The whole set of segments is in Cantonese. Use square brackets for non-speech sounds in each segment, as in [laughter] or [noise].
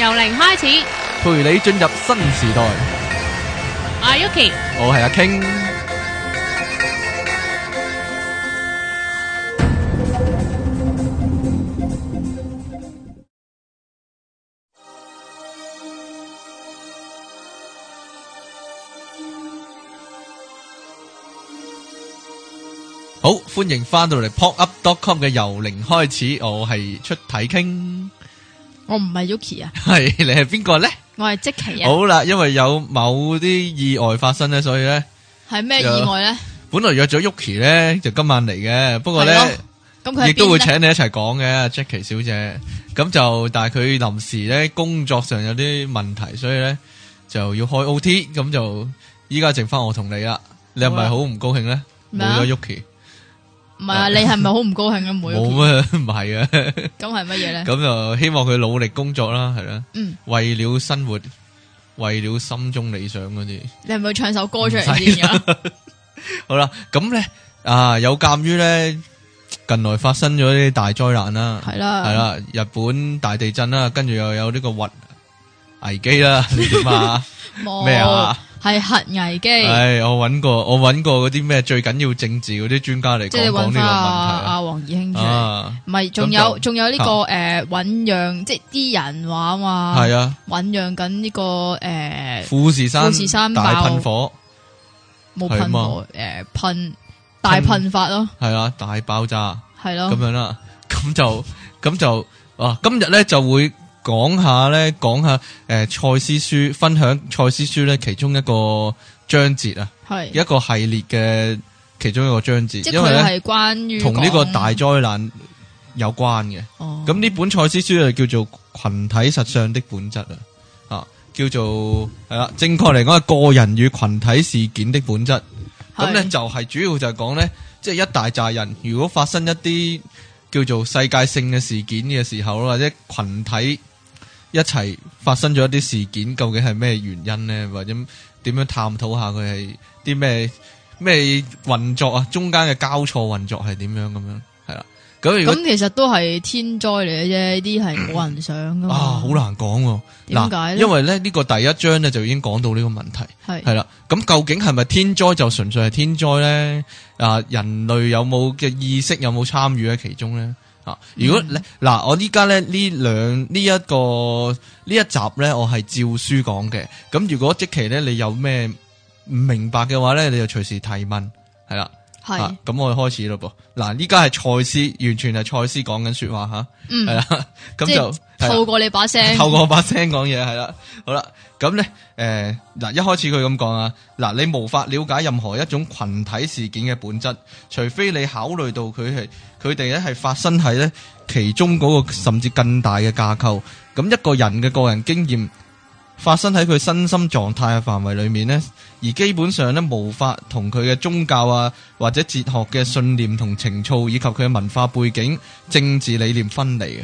由零開始，陪你進入新時代。我係 Yuki，我係阿 King。好，歡迎返到嚟 PopUp dot com 嘅由零開始，我係出體傾。我唔係 Yuki 啊。係你係邊個咧？我係 Jackie 啊。好啦，因為有某啲意外發生咧，所以咧係咩意外咧？本來約咗 Yuki 咧，就今晚嚟嘅，不過咧亦都會請你一齊講嘅，Jackie 小姐。咁就但係佢臨時咧工作上有啲問題，所以咧就要開 OT，咁就依家剩翻我同你啦。你係咪好唔高興咧？冇咗 Yuki。唔係啊，你係咪好唔高興啊？妹冇咩，唔係啊。咁係乜嘢咧？咁就希望佢努力工作啦，係啦。嗯。為了生活，為了心中理想嗰啲。你係咪唱首歌出嚟先啊？好啦，咁咧啊，有鑑於咧近來發生咗啲大災難啦，係啦，係啦，日本大地震啦，跟住又有呢個核危機啦，點啊？冇。咩啊？係核危機。係我搵過，我搵過嗰啲咩最緊要政治嗰啲專家嚟講呢個問題。即係搵下阿黃義興，唔係，仲有，仲有呢個誒，醞釀即係啲人話啊嘛。係啊，醞釀緊呢個誒，富士山，富士山大噴火，冇噴火，誒噴，大噴發咯。係啦，大爆炸係咯咁樣啦，咁就咁就啊，今日咧就會。講下咧，講下誒，賽、呃、斯書分享賽斯書咧其中一個章節啊，係是一個系列嘅其中一個章節，是因係佢係關於同呢個大災難有關嘅。哦，咁呢本賽斯書就叫做《群體實相的本質》啊，叫做係啦，正確嚟講係個人與群體事件的本質。咁咧是就係、是、主要就係講咧，即、就、係、是、一大扎人如果發生一啲叫做世界性嘅事件嘅時候，或者群體。一齊發生咗一啲事件，究竟係咩原因咧？或者點樣探討下佢係啲咩咩運作啊？中間嘅交錯運作係點樣咁樣？係啦，咁咁其實都係天災嚟嘅啫，呢啲係冇人想噶嘛。啊，好難講喎，點解咧？因為咧呢個第一章咧就已經講到呢個問題係係啦。咁究竟係咪天災就純粹係天災咧？啊，人類有冇嘅意識有冇參與喺其中咧？啊！如果你嗱、嗯啊，我依家咧呢兩呢一,一,一個呢一集咧，我係照書講嘅。咁如果即期咧，你有咩唔明白嘅話咧，你就隨時提問，係啦。係咁，是啊、我哋開始咯噃嗱，依家係賽斯，完全係賽斯講緊說話吓，係啦、嗯，咁就透過你把聲，透過把聲講嘢係啦，好啦，咁咧誒嗱，一開始佢咁講啊嗱，你無法了解任何一種群體事件嘅本質，除非你考慮到佢係佢哋咧係發生喺咧其中嗰、那個甚至更大嘅架構，咁一個人嘅個人經驗。發生喺佢身心狀態嘅範圍裏面咧，而基本上咧無法同佢嘅宗教啊或者哲學嘅信念同情操以及佢嘅文化背景、政治理念分離嘅，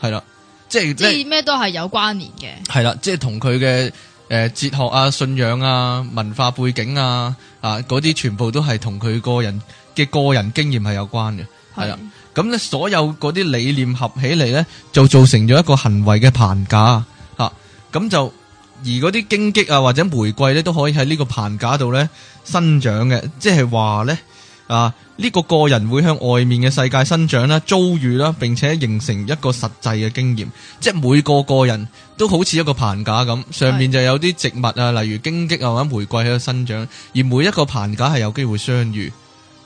係啦，即係即係是咩你都係有關聯嘅，係啦，即係同佢嘅誒哲學啊、信仰啊、文化背景啊、啊嗰啲全部都係同佢個人嘅個人經驗係有關嘅，係啦的，咁咧所有嗰啲理念合起嚟咧，就造成咗一個行為嘅棚架啊，咁就。而嗰啲荊棘啊，或者玫瑰咧，都可以喺呢個棚架度咧生長嘅，即係話咧啊，呢個個人會向外面嘅世界生長啦，遭遇啦，並且形成一個實際嘅經驗，即係每個個人都好似一個棚架咁，上面就有啲植物啊，例如荊棘啊或者玫瑰喺度生長，而每一個棚架係有機會相遇，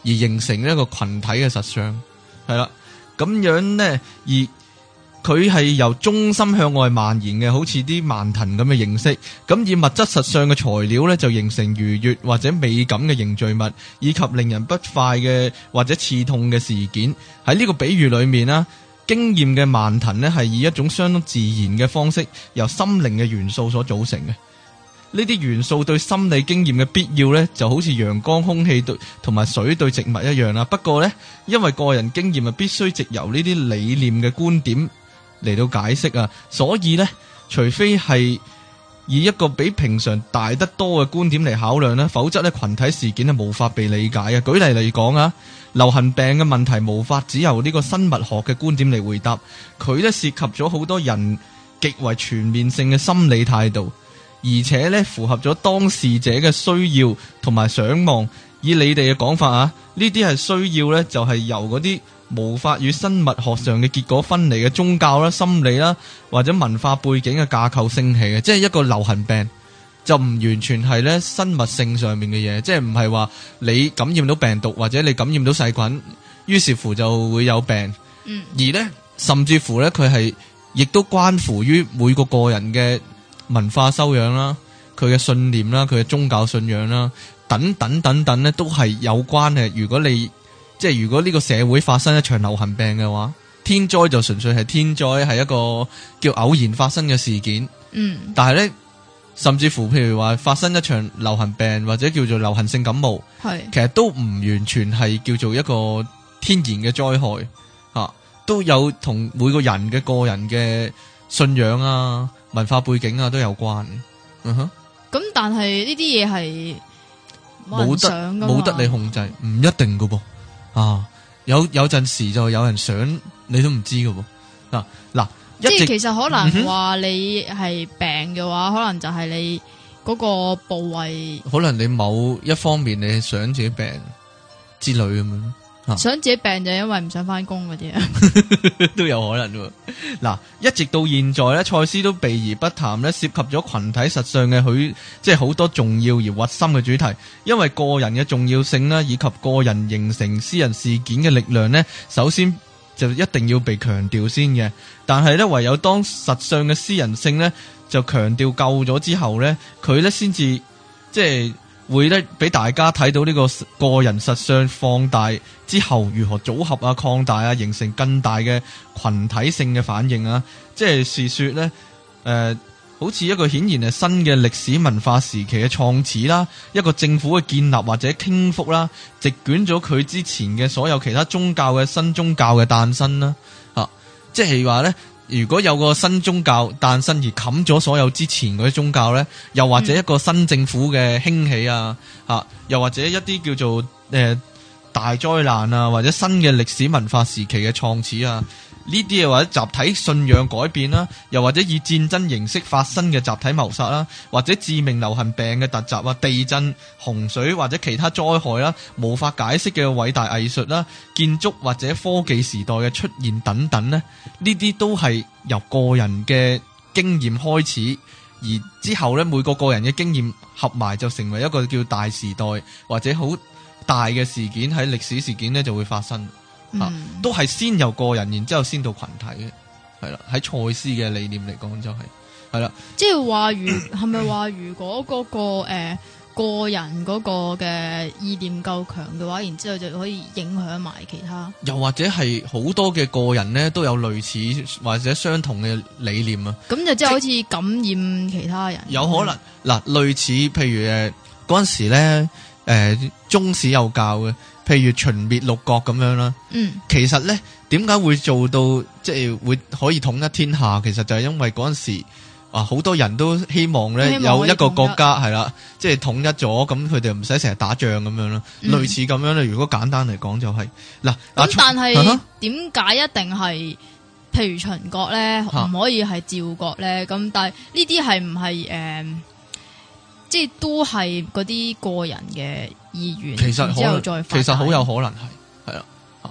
而形成一個群體嘅實相，係啦，咁樣咧而。佢係由中心向外蔓延嘅，好似啲蔓藤咁嘅形式。咁以物質實上嘅材料呢，就形成愉悅或者美感嘅凝聚物，以及令人不快嘅或者刺痛嘅事件。喺呢個比喻裏面啦，經驗嘅蔓藤呢，係以一種相當自然嘅方式，由心靈嘅元素所組成嘅。呢啲元素對心理經驗嘅必要呢，就好似陽光、空氣對同埋水對植物一樣啦。不過呢，因為個人經驗啊，必須藉由呢啲理念嘅觀點嚟到解釋啊，所以呢，除非係以一個比平常大得多嘅觀點嚟考量呢，否則呢，群體事件呢無法被理解啊。舉例嚟講啊，流行病嘅問題無法只由呢個生物學嘅觀點嚟回答，佢呢涉及咗好多人極為全面性嘅心理態度，而且呢，符合咗當事者嘅需要同埋想望。以你哋嘅講法啊，呢啲係需要呢，就係由嗰啲。無法與生物學上嘅結果分離嘅宗教啦、心理啦或者文化背景嘅架構升起嘅，即係一個流行病，就唔完全係咧生物性上面嘅嘢，即係唔係話你感染到病毒或者你感染到細菌，於是乎就會有病。嗯，而呢，甚至乎呢，佢係亦都關乎於每個個人嘅文化修養啦、佢嘅信念啦、佢嘅宗教信仰啦等等等等，呢都係有關嘅。如果你即係如果呢個社會發生一場流行病嘅話，天災就純粹係天災，係一個叫偶然發生嘅事件。嗯，但係呢，甚至乎譬如話發生一場流行病或者叫做流行性感冒，係是其實都唔完全係叫做一個天然嘅災害，吓、啊、都有同每個人嘅個人嘅信仰啊、文化背景啊都有關。嗯、哼，咁但係呢啲嘢係冇得冇得你控制，唔一定噶噃。啊！有有陣時就有人想你都唔知噶喎嗱嗱，即係，啊，啊，其實可能話你係病嘅話，嗯、哼可能就係你嗰個部位，可能你某一方面你想自己病之類咁樣。想自己病就因為唔想翻工嗰啲啊， [laughs] 都有可能喎。嗱，一直到現在咧，蔡司都避而不談咧，涉及咗群體實相嘅佢即係好多重要而核心嘅主題。因為個人嘅重要性啦，以及個人形成私人事件嘅力量咧，首先就一定要被強調先嘅。但係咧，唯有當實相嘅私人性咧，就強調夠咗之後咧，佢咧先至即係。會咧俾大家睇到呢個個人實相放大之後如何組合啊、擴大啊，形成更大嘅群體性嘅反應啊，即係是事說呢，誒、呃，好似一個顯然係新嘅歷史文化時期嘅創始啦、啊，一個政府嘅建立或者傾覆啦、啊，席捲咗佢之前嘅所有其他宗教嘅新宗教嘅誕生啦、啊，吓、啊，即係話呢。如果有個新宗教誕生而冚咗所有之前嗰啲宗教咧，又或者一個新政府嘅興起啊，吓，又或者一啲叫做誒、呃、大災難啊，或者新嘅歷史文化時期嘅創始啊。呢啲又或者集體信仰改變啦，又或者以戰爭形式發生嘅集體謀殺啦，或者致命流行病嘅突襲啊，地震、洪水或者其他災害啦，無法解釋嘅偉大藝術啦、建築或者科技時代嘅出現等等呢。呢啲都係由個人嘅經驗開始，而之後呢，每個個人嘅經驗合埋就成為一個叫大時代或者好大嘅事件喺歷史事件呢，就會發生。嗯、啊，都係先有個人，然之後先到群體嘅，係啦。喺賽斯嘅理念嚟講、就是，就係係啦。即係話如，係咪話如果、那、嗰個誒 [coughs] 個人嗰個嘅意念夠強嘅話，然之後就可以影響埋其他。又或者係好多嘅個人咧，都有類似或者相同嘅理念啊。咁就即係好似感染即其他人。有可能嗱、嗯啊，類似譬如誒嗰陣時咧，誒、呃、中史有教嘅。譬如秦滅六國咁樣啦，嗯、其實咧點解會做到即係、就是、會可以統一天下？其實就係因為嗰陣時，哇、啊、好多人都希望咧有一個國家係啦，即係、就是、統一咗，咁佢哋唔使成日打仗咁樣啦。嗯、類似咁樣咧，如果簡單嚟講就係、是、嗱，咁、啊、但係點解一定係譬如秦國咧，唔可以係趙國咧？咁、啊、但係呢啲係唔係誒？呃即係都係嗰啲個人嘅意願，其實好有可能係係啊，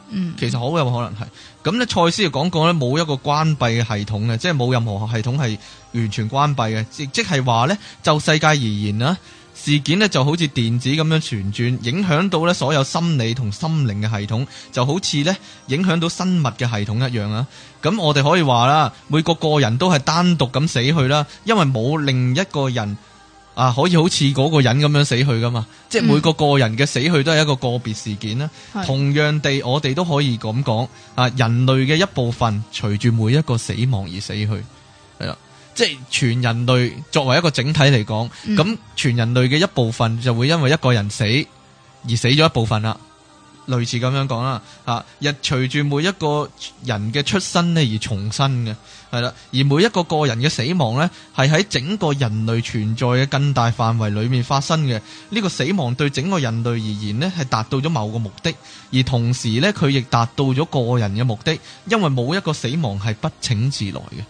嗯，其實好有可能係。咁呢，賽斯就講過呢，冇一個關閉嘅系統嘅，即係冇任何系統係完全關閉嘅，即即係話咧，就世界而言啦，事件咧就好似電子咁樣旋轉，影響到呢所有心理同心靈嘅系統，就好似呢影響到生物嘅系統一樣啊。咁我哋可以話啦，每個個人都係單獨咁死去啦，因為冇另一個人。啊，可以好似嗰個人咁樣死去噶嘛？即係每個個人嘅死去都係一個個別事件啦。嗯、同樣地，我哋都可以咁講，啊，人類嘅一部分隨住每一個死亡而死去，係啦，即係全人類作為一個整體嚟講，咁、嗯、全人類嘅一部分就會因為一個人死而死咗一部分啦。類似咁樣講啦，啊，亦隨住每一個人嘅出生咧而重生嘅，係啦，而每一個個人嘅死亡咧，係喺整個人類存在嘅更大範圍裏面發生嘅。呢、呢個死亡對整個人類而言咧，係達到咗某個目的，而同時咧，佢亦達到咗個人嘅目的，因為冇一個死亡係不請自來嘅。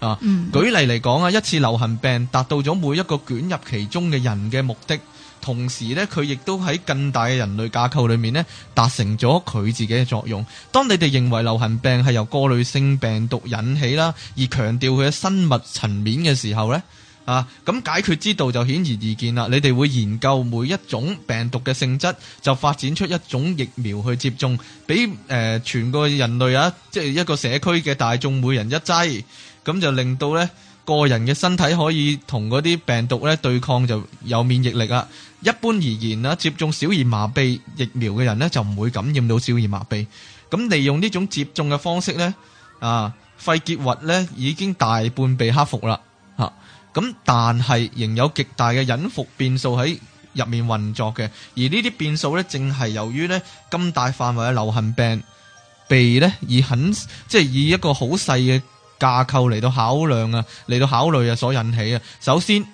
嗯、啊，舉例嚟講啊，一次流行病達到咗每一個捲入其中嘅人嘅目的。同時咧，佢亦都喺更大嘅人類架構裏面咧，達成咗佢自己嘅作用。當你哋認為流行病係由過濾性病毒引起啦，而強調佢嘅生物層面嘅時候咧，啊，咁解決之道就顯而易見啦。你哋會研究每一種病毒嘅性質，就發展出一種疫苗去接種，俾、呃、全個人類啊，即係一個社區嘅大眾每人一劑，咁就令到咧。個人嘅身體可以同嗰啲病毒咧，對抗就有免疫力啦。一般而言啦，接種小兒麻痹疫苗嘅人咧，就唔會感染到小兒麻痹。咁利用呢種接種嘅方式咧，啊，肺結核咧，已經大半被克服啦。吓、啊，咁但係仍有極大嘅隱伏變數喺入面運作嘅。而呢啲變數咧，正係由於咧，咁大範圍嘅流行病鼻咧，以很即係以一個好細嘅架構嚟到考量啊，嚟到考慮啊，所引起啊。首先，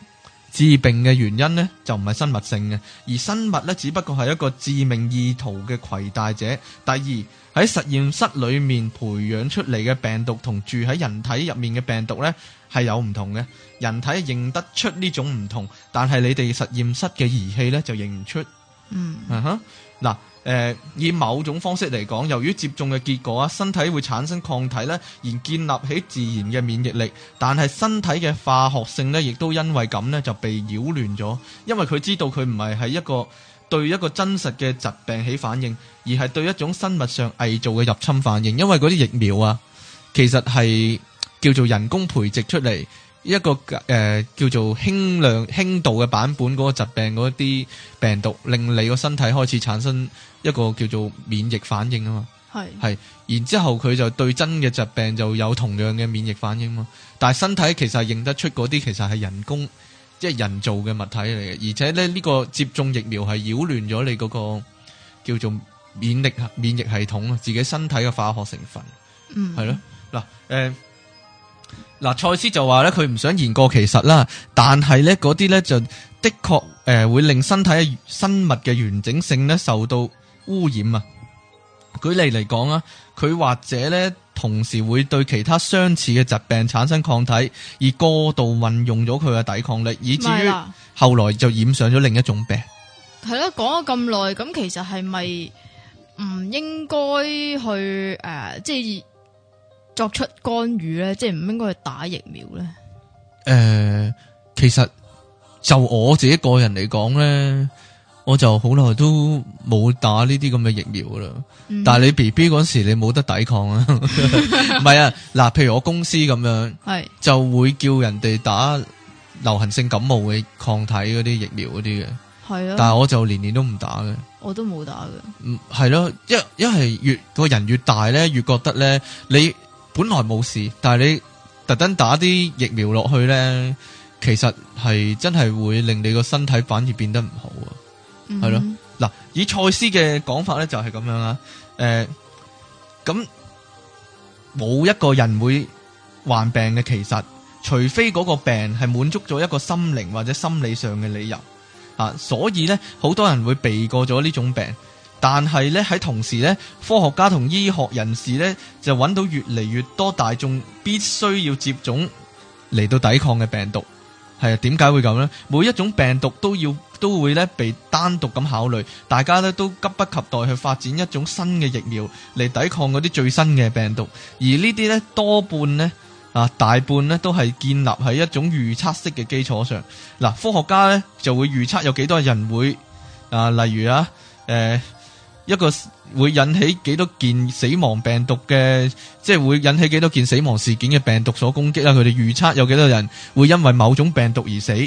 治病嘅原因呢，就唔係生物性嘅，而生物呢，只不過係一個致命意圖嘅携帶者。第二，喺實驗室裏面培養出嚟嘅病毒同住喺人體入面嘅病毒呢，係有唔同嘅，人體認得出呢種唔同，但係你哋實驗室嘅儀器呢，就認唔出。嗯，啊嗱、uh。Huh, 誒、呃、以某種方式嚟講，由於接種嘅結果啊，身體會產生抗體咧，而建立起自然嘅免疫力。但係身體嘅化學性呢，亦都因為咁咧就被擾亂咗，因為佢知道佢唔係係一個對一個真實嘅疾病起反應，而係對一種生物上偽造嘅入侵反應。因為嗰啲疫苗啊，其實係叫做人工培植出嚟。一個誒、呃、叫做輕量輕度嘅版本嗰個疾病嗰啲病毒，令你個身體開始產生一個叫做免疫反應啊嘛，係係是，然之後佢就對真嘅疾病就有同樣嘅免疫反應嘛。但係身體其實係認得出嗰啲，其實係人工即係、就是、人造嘅物體嚟嘅，而且咧呢、這個接種疫苗係擾亂咗你嗰個叫做免疫免疫系統啊，自己身體嘅化學成分，嗯，係咯，嗱誒。呃嗱，賽斯就話咧，佢唔想言過其實啦，但係咧嗰啲咧就的確誒會令身體嘅生物嘅完整性咧受到污染啊。舉例嚟講啊，佢或者咧同時會對其他相似嘅疾病產生抗體，而過度運用咗佢嘅抵抗力，以至於後來就染上咗另一種病。係咯，講咗咁耐，咁其實係咪唔應該去誒、呃，即係？作出干預咧，即係唔應該去打疫苗咧。誒、呃，其實就我自己個人嚟講咧，我就好耐都冇打呢啲咁嘅疫苗噶啦。嗯、哼但係你 B B 嗰時候你冇得抵抗啊 [laughs] [laughs] 不是啊，唔係啊。嗱，譬如我公司咁樣，係是就會叫人哋打流行性感冒嘅抗體嗰啲疫苗嗰啲嘅，係咯、啊。但係我就年年都唔打嘅，我都冇打嘅。嗯，係咯、啊，一一係越個人越大咧，越覺得咧你。本來冇事，但係你特登打啲疫苗落去咧，其實係真係會令你個身體反而變得唔好啊，係咯、嗯哼？嗱，以賽斯嘅講法咧就係咁樣啦，誒、呃，咁冇一個人會患病嘅，其實除非嗰個病係滿足咗一個心靈或者心理上嘅理由、啊、所以咧好多人會避過咗呢種病。但係咧，喺同時咧，科學家同醫學人士咧就揾到越嚟越多大眾必須要接種嚟到抵抗嘅病毒，係啊？點解會咁呢？每一種病毒都要都會咧被單獨咁考慮，大家咧都急不及待去發展一種新嘅疫苗嚟抵抗嗰啲最新嘅病毒，而呢啲咧多半咧啊大半咧都係建立喺一種預測式嘅基礎上，嗱、啊，科學家咧就會預測有幾多人會啊，例如啊，誒、欸。一個會引起幾多件死亡病毒嘅，即係會引起幾多件死亡事件嘅病毒所攻擊啦。佢哋預測有幾多人會因為某種病毒而死，咁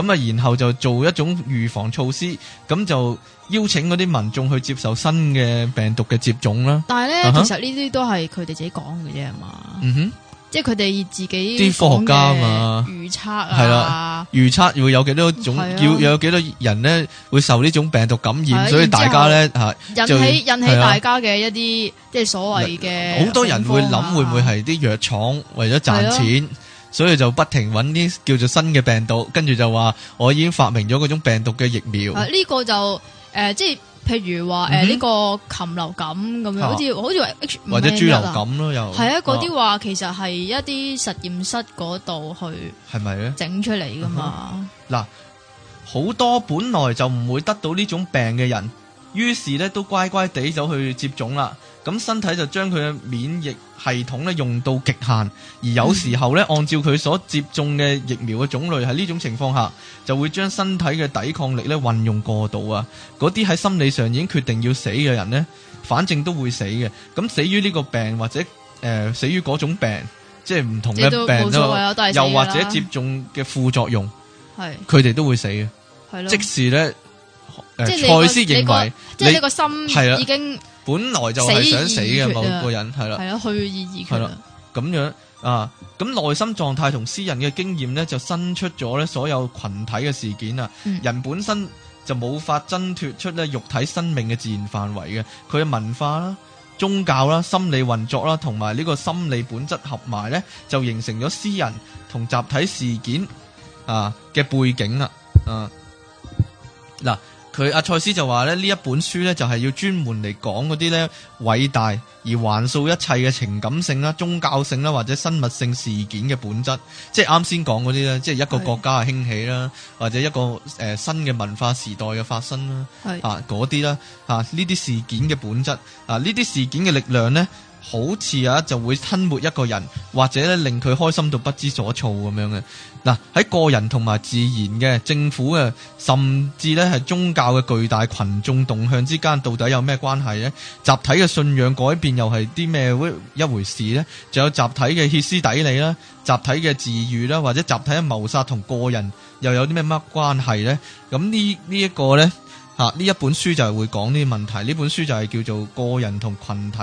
啊、嗯，然後就做一種預防措施，咁就邀請嗰啲民眾去接受新嘅病毒嘅接種啦。但係呢咧，uh huh、其實呢啲都係佢哋自己講嘅啫係嘛。嗯哼。即係佢哋自己啲科學家嘛預測啊，係啦、啊，預測會有幾多種，叫、啊、有幾多人咧會受呢種病毒感染，啊、所以大家咧吓引起要引起大家嘅一啲即係所謂嘅好多人會諗會唔會係啲藥廠為咗賺錢，啊、所以就不停揾啲叫做新嘅病毒，跟住就話我已經發明咗嗰種病毒嘅疫苗。呢、啊這個就誒、呃、即係。譬如話誒呢個禽流感咁樣，好似好似話 H 或者豬流感咯，又，係啊，嗰啲話其實係一啲實驗室嗰度去，係咪咧整出嚟噶嘛？嗱，好多本來就唔會得到呢種病嘅人，於是咧都乖乖地走去接種啦。咁身體就將佢嘅免疫系統咧用到極限，而有時候咧，按照佢所接種嘅疫苗嘅種類，喺呢種情況下，就會將身體嘅抵抗力咧運用過度啊！嗰啲喺心理上已經決定要死嘅人咧，反正都會死嘅。咁死於呢個病或者誒、呃、死於嗰種病，即係唔同嘅病又，又或者接種嘅副作用，係佢哋都會死嘅，的即時咧，呃、即賽斯認為，那個、你即係呢個心已經。本來就係想死嘅某個人係啦，係咯了去意已決啦，咁樣啊，咁內心狀態同私人嘅經驗咧，就生出咗咧所有群體嘅事件啊。嗯、人本身就冇法掙脫出咧肉體生命嘅自然範圍嘅，佢嘅文化啦、宗教啦、心理運作啦，同埋呢個心理本質合埋咧，就形成咗私人同集體事件啊嘅背景啊。嗱、啊。佢阿蔡斯就話咧，呢一本書咧就係要專門嚟講嗰啲咧偉大而橫掃一切嘅情感性啦、宗教性啦或者生物性事件嘅本質，即係啱先講嗰啲咧，即、就、係、是、一個國家嘅興起啦，是或者一個、呃、新嘅文化時代嘅發生啦是、啊，啊嗰啲啦，呢啲事件嘅本質，啊呢啲事件嘅力量咧。好似啊，就會吞沒一個人，或者咧令佢開心到不知所措咁樣嘅。嗱、啊，喺個人同埋自然嘅政府嘅、啊、甚至咧係宗教嘅巨大群眾動向之間，到底有咩關係呢？集體嘅信仰改變又係啲咩一回事呢？仲有集體嘅歇斯底里啦、集體嘅治癒啦、啊，或者集體嘅謀殺同個人又有啲咩乜關係呢？咁呢呢一個呢，吓、啊、呢一本書就係會講呢啲問題。呢本書就係叫做《個人同群體》。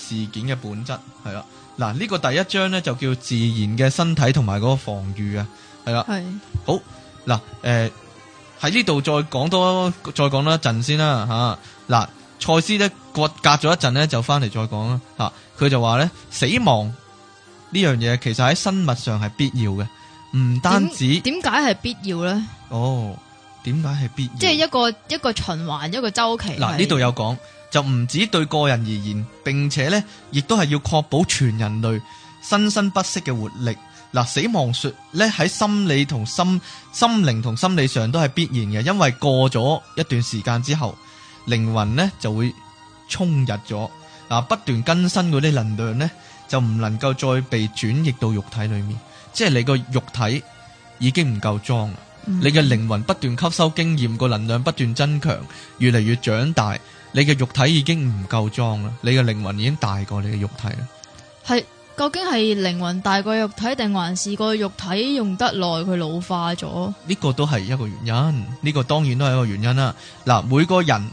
事件嘅本質係啦，嗱呢個第一章咧就叫自然嘅身體同埋嗰個防禦啊，係啦，係是好嗱，誒喺呢度再講多再講多一陣先啦吓，嗱賽斯咧割隔咗一陣咧就翻嚟再講啦吓，佢就話咧死亡呢樣嘢其實喺生物上係必要嘅，唔單止點解係必要咧？哦，點解係必要？即係一個一個循環一個周期。嗱呢度有講。就唔止對個人而言，並且咧，亦都係要確保全人類生生不息嘅活力。嗱，死亡說咧喺心理同心心靈同心理上都係必然嘅，因為過咗一段時間之後，靈魂咧就會沖入咗嗱，不斷更新嗰啲能量咧就唔能夠再被轉譯到肉體裏面，即係你個肉體已經唔夠裝，你嘅靈魂不斷吸收經驗個能量，不斷增強，越嚟越長大。你嘅肉體已經唔夠裝啦，你嘅靈魂已經大過你嘅肉體啦。係，究竟係靈魂大過肉體，定還是個肉體用得耐佢老化咗？呢個都係一個原因，呢個當然都係一個原因啦。嗱，每個人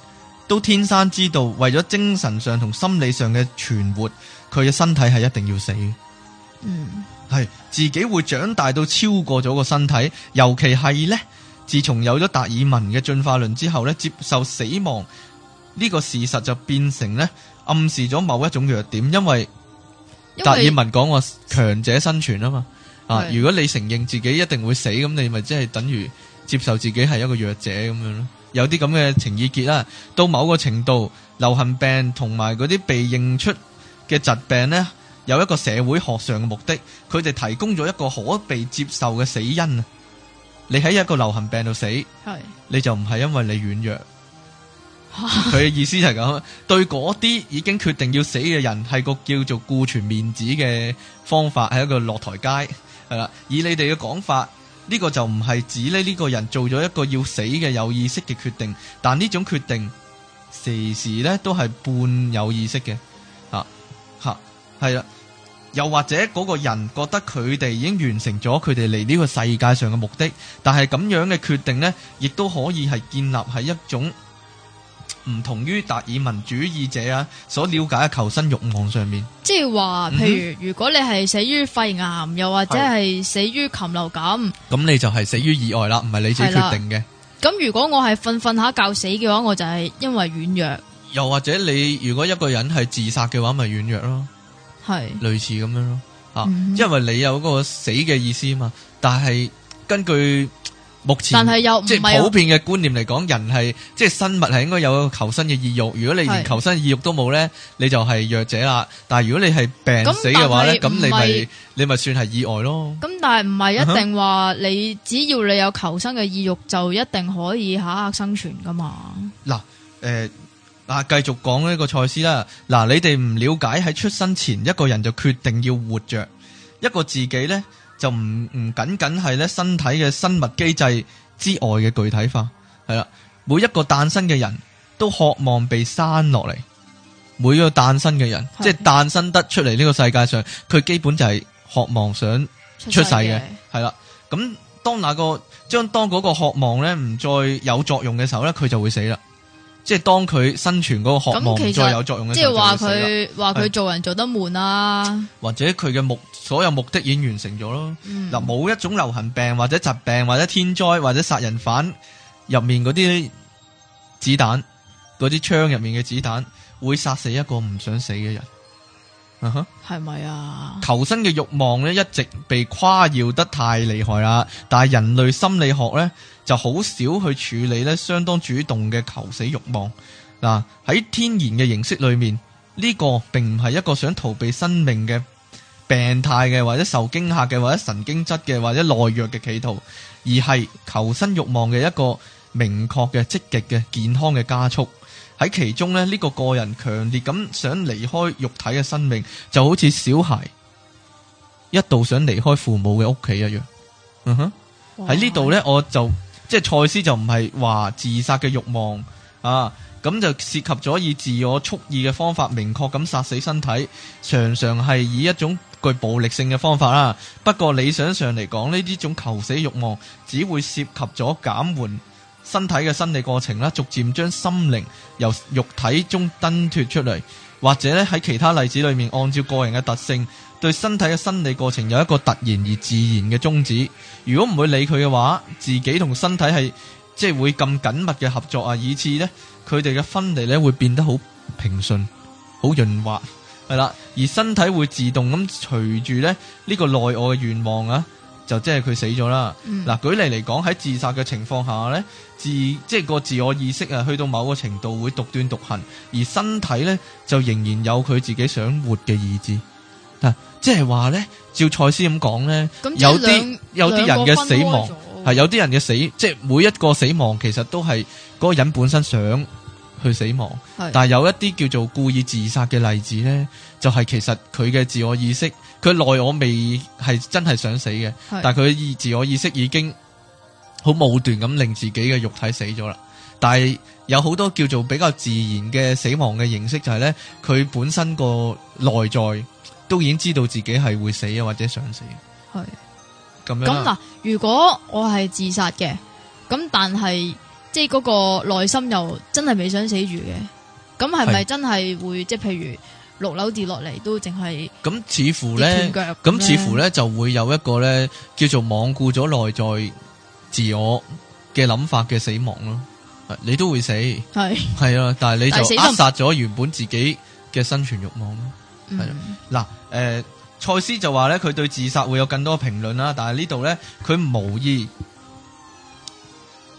都天生知道，為咗精神上同心理上嘅存活，佢嘅身體係一定要死。嗯，係自己會長大到超過咗個身體，尤其係呢，自從有咗達爾文嘅進化論之後呢接受死亡。呢個事實就變成呢，暗示咗某一種弱點，因為達爾為文講話強者生存啊嘛。是啊，如果你承認自己一定會死，咁你咪即係等於接受自己係一個弱者，咁樣咯。有啲咁嘅情意結啦，啊，到某個程度，流行病同埋嗰啲被認出嘅疾病呢，有一個社會學上嘅目的，佢哋提供咗一個可被接受嘅死因啊。你喺一個流行病度死，係是你就唔係因為你軟弱。佢嘅 [laughs] 意思係咁，對嗰啲已經決定要死嘅人，係個叫做顧全面子嘅方法，係一個落台階係啦。以你哋嘅講法，呢個就唔係指呢呢個人做咗一個要死嘅有意識嘅決定，但呢種決定時時咧都係半有意識嘅。吓吓係啦，又或者嗰個人覺得佢哋已經完成咗佢哋嚟呢個世界上嘅目的，但係咁樣嘅決定呢，亦都可以係建立喺一種。唔同於達爾文主義者啊，所了解嘅求生欲望上面，即係話，譬如、嗯、哼如果你係死於肺癌，又或者係死於禽流感，咁你就係死於意外啦，唔係你自己決定嘅。咁如果我係瞓瞓下覺死嘅話，我就係因為軟弱。又或者你如果一個人係自殺嘅話，咪、就是、軟弱咯，係的類似咁樣咯，啊，嗯、哼因為你有個死嘅意思嘛，但係根據，目前但係又即係普遍嘅觀念嚟講，人係即係生物係應該有求生嘅意欲。如果你連求生嘅意欲都冇咧，是你就係弱者啦。但係如果你係病死嘅話咧，咁你咪你咪算係意外咯。咁但係唔係一定話你只要你有求生嘅意欲，uh huh、就一定可以下下生存噶嘛？嗱，誒、呃，嗱，繼續講呢個賽斯啦。嗱，你哋唔了解喺出生前一個人就決定要活着，一個自己咧。就唔唔僅僅係咧身體嘅生物機制之外嘅具體化，係啦，每一個誕生嘅人都渴望被生落嚟，每一個誕生嘅人，的即係誕生得出嚟呢個世界上，佢基本就係渴望想出世嘅，係啦。咁的當那個將當嗰個渴望咧唔再有作用嘅時候咧，佢就會死啦。即係當佢生存嗰個渴望再有作用嘅時候，即係話佢話佢做人做得悶啊，或者佢嘅目所有目的已經完成咗咯。嗱、嗯，冇一種流行病或者疾病或者天災或者殺人犯入面嗰啲子彈，嗰啲槍入面嘅子彈會殺死一個唔想死嘅人。啊係咪啊？求生嘅慾望咧，一直被誇耀得太厲害啦。但係人類心理學咧。就好少去處理咧，相當主動嘅求死欲望。嗱，喺天然嘅形式裏面，呢個並唔係一個想逃避生命嘅病態嘅，或者受驚嚇嘅，或者神經質嘅，或者懦弱嘅企圖，而係求生欲望嘅一個明確嘅、積極嘅、健康嘅加速。喺其中呢，呢個個人強烈咁想離開肉體嘅生命，就好似小孩一度想離開父母嘅屋企一樣。嗯哼，喺呢度呢，的我就。即係賽斯就唔係話自殺嘅欲望啊，咁就涉及咗以自我蓄意嘅方法，明確咁殺死身體，常常係以一種具暴力性嘅方法啦。不過理想上嚟講，呢，呢種求死欲望只會涉及咗減緩身體嘅生理過程啦，逐漸將心靈由肉體中掙脫出嚟，或者咧喺其他例子裏面，按照個人嘅特性，對身體嘅生理過程有一個突然而自然嘅終止。如果唔會理佢嘅話，自己同身體係即係會咁緊密嘅合作啊，以至呢，佢哋嘅分離呢會變得好平順、好潤滑，係啦。而身體會自動咁隨住呢呢個內外嘅願望啊，就即係佢死咗啦。嗱、嗯，舉例嚟講，喺自殺嘅情況下呢，自即係個自我意識啊，去到某個程度會獨斷獨行，而身體呢，就仍然有佢自己想活嘅意志。即係話咧，照賽斯咁講咧，有啲有啲人嘅死亡係有啲人嘅死，即係每一個死亡其實都係嗰個人本身想去死亡，是但係有一啲叫做故意自殺嘅例子咧，就係、是、其實佢嘅自我意識，佢內我未係真係想死嘅，是但係佢自我意識已經好武斷咁令自己嘅肉體死咗啦。但係有好多叫做比較自然嘅死亡嘅形式就呢，就係咧佢本身個內在。都已經知道自己係會死啊，或者想死。係咁是樣。咁嗱，如果我係自殺嘅，咁但係即係嗰個內心又真係未想死住嘅，咁係咪真係會即係是譬如六樓跌落嚟都淨係？咁似乎咧，咁似乎咧就會有一個咧叫做罔顧咗內在自我嘅諗法嘅死亡咯。你都會死，係，係是啊，但係你就是死心扼殺咗原本自己嘅生存慾望。係啦，嗱、嗯，誒，賽斯就話咧，佢對自殺會有更多評論啦，但係呢度咧，佢無意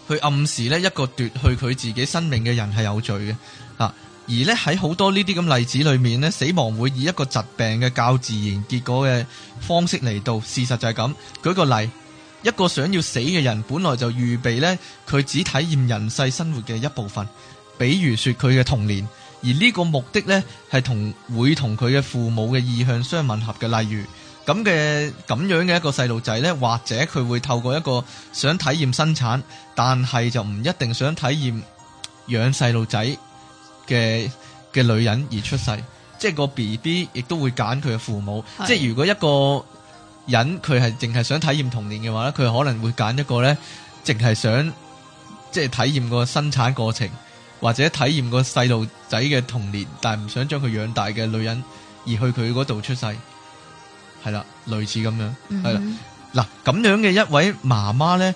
去暗示咧一個奪去佢自己生命嘅人係有罪嘅，而咧喺好多呢啲咁例子裏面咧，死亡會以一個疾病嘅較自然結果嘅方式嚟到，事實就係咁。舉個例，一個想要死嘅人本來就預備咧，佢只體驗人世生活嘅一部分，比如說佢嘅童年。而呢個目的咧，係同會同佢嘅父母嘅意向相吻合嘅。例如咁嘅咁樣嘅一個細路仔咧，或者佢會透過一個想體驗生產，但係就唔一定想體驗養細路仔嘅嘅女人而出世。即係個 B B 亦都會揀佢嘅父母。的即係如果一個人佢係淨係想體驗童年嘅話咧，佢可能會揀一個咧淨係想即係體驗個生產過程。或者體驗過細路仔嘅童年，但係唔想將佢養大嘅女人，而去佢嗰度出世，係啦，類似咁樣，係啦、嗯，嗱咁樣嘅一位媽媽咧。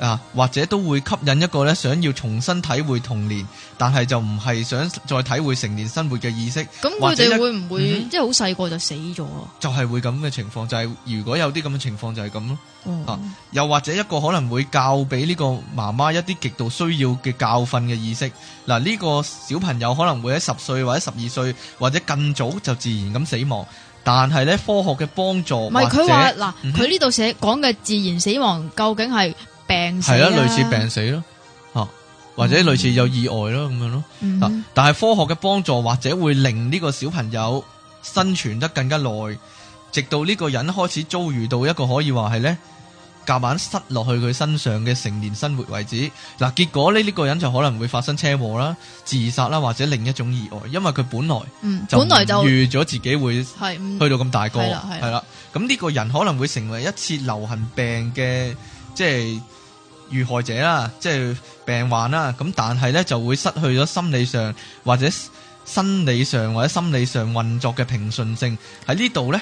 啊，或者都會吸引一個咧，想要重新體會童年，但係就唔係想再體會成年生活嘅意識。咁佢哋會唔會、嗯、哼即係好細個就死咗？就係會咁嘅情況，就係如果有啲咁嘅情況，就係咁咯。啊，又或者一個可能會教俾呢個媽媽一啲極度需要嘅教訓嘅意識。嗱、啊，呢、這個小朋友可能會喺十歲或者十二歲或者更早就自然咁死亡，但係咧科學嘅幫助，唔係佢話嗱，佢呢度寫講嘅自然死亡究竟係？病係啦、啊，類似病死咯，吓、嗯啊、或者類似有意外咯咁樣咯。嗱、嗯哼，但係科學嘅幫助或者會令呢個小朋友生存得更加耐，直到呢個人開始遭遇到一個可以話係呢夾硬塞落去佢身上嘅成年生活為止。嗱、啊，結果呢、呢個人就可能會發生車禍啦、自殺啦，或者另一種意外，因為佢本來就預咗自己會去到咁大個，係啦、嗯。咁呢個人可能會成為一次流行病嘅即係。遇害者啦，即係病患啦，咁但係咧就會失去咗心理上或者生理上或者心理上運作嘅平順性。喺呢度咧，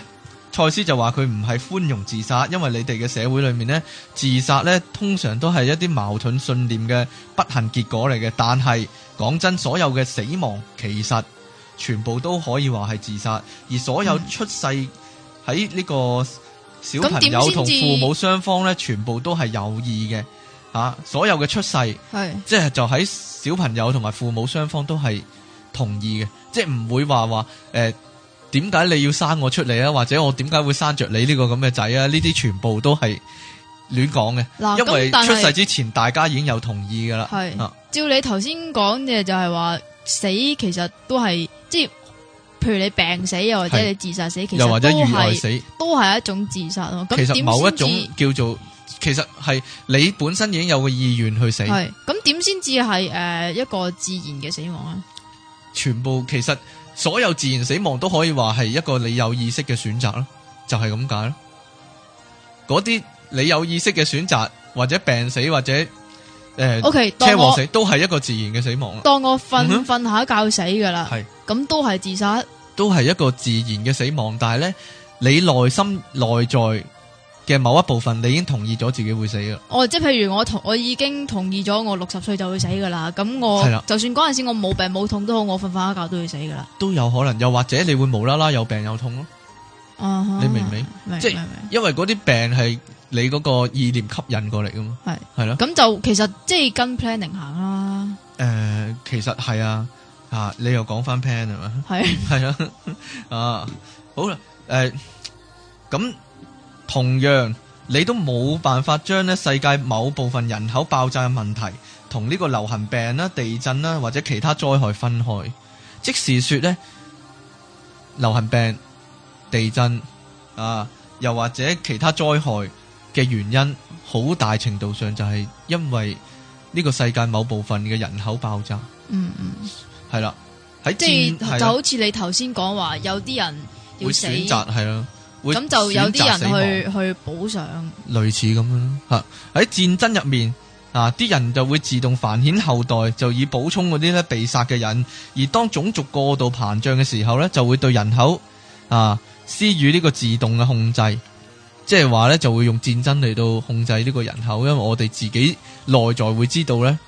蔡司就話佢唔係寬容自殺，因為你哋嘅社會裏面咧，自殺咧通常都係一啲矛盾信念嘅不幸結果嚟嘅。但係講真，所有嘅死亡其實全部都可以話係自殺，而所有出世喺呢個小朋友同父母雙方咧，全部都係有意嘅。吓、啊，所有嘅出世，是即係就喺小朋友同埋父母雙方都係同意嘅，即係唔會話話誒，點、欸、解你要生我出嚟啊？或者我點解會生着你呢個咁嘅仔啊？呢啲全部都係亂講嘅，喇因為出世之前是大家已經有同意噶啦。係是，照、啊、你頭先講嘅就係話死其實都係，即係譬如你病死又或者你自殺死，是其實又或者遇害死，都係一種自殺咯。咁其實某一種叫做。其實係你本身已經有個意願去死，係咁點先至係誒一個自然嘅死亡啊？全部其實所有自然死亡都可以話係一個你有意識嘅選擇啦，就係咁解啦。嗰啲你有意識嘅選擇，或者病死，或者誒，O K 車禍死都係一個自然嘅死亡。當我瞓瞓下覺死噶啦，係咁是都係自殺，都係一個自然嘅死亡。但係咧，你內心內在。嘅某一部分，你已經同意咗自己會死㗎。哦，即係譬如我同我已經同意咗，我六十歲就會死噶啦。咁我就算嗰陣時我冇病冇痛，都好，我瞓返一覺都會死噶啦。都有可能，又或者你會無啦啦有病有痛咯。哦，你明唔明？明明明。因為嗰啲病係你嗰個意念吸引過嚟噶嘛。係係咯。咁就其實即係跟 planning 行啦。誒，其實係啊，你又講翻 plan 係嘛？係係啊，好啦，誒，咁。同樣，你都冇辦法將呢世界某部分人口爆炸嘅問題，同呢個流行病啦、地震啦或者其他災害分開。即是說呢流行病、地震、地震啊，又或者其他災害嘅原因，好大程度上就係因為呢個世界某部分嘅人口爆炸。嗯嗯，係啦，即係就好似你頭先講話，了嗯、有啲人要死，係咁就有啲人去去補償，類似咁樣吓。喺戰爭入面啊，啲人就會自動繁衍後代，就以補充嗰啲咧被殺嘅人。而當種族過度膨脹嘅時候咧，就會對人口啊施予呢個自動嘅控制，即係話咧，就會用戰爭嚟到控制呢個人口，因為我哋自己內在會知道咧，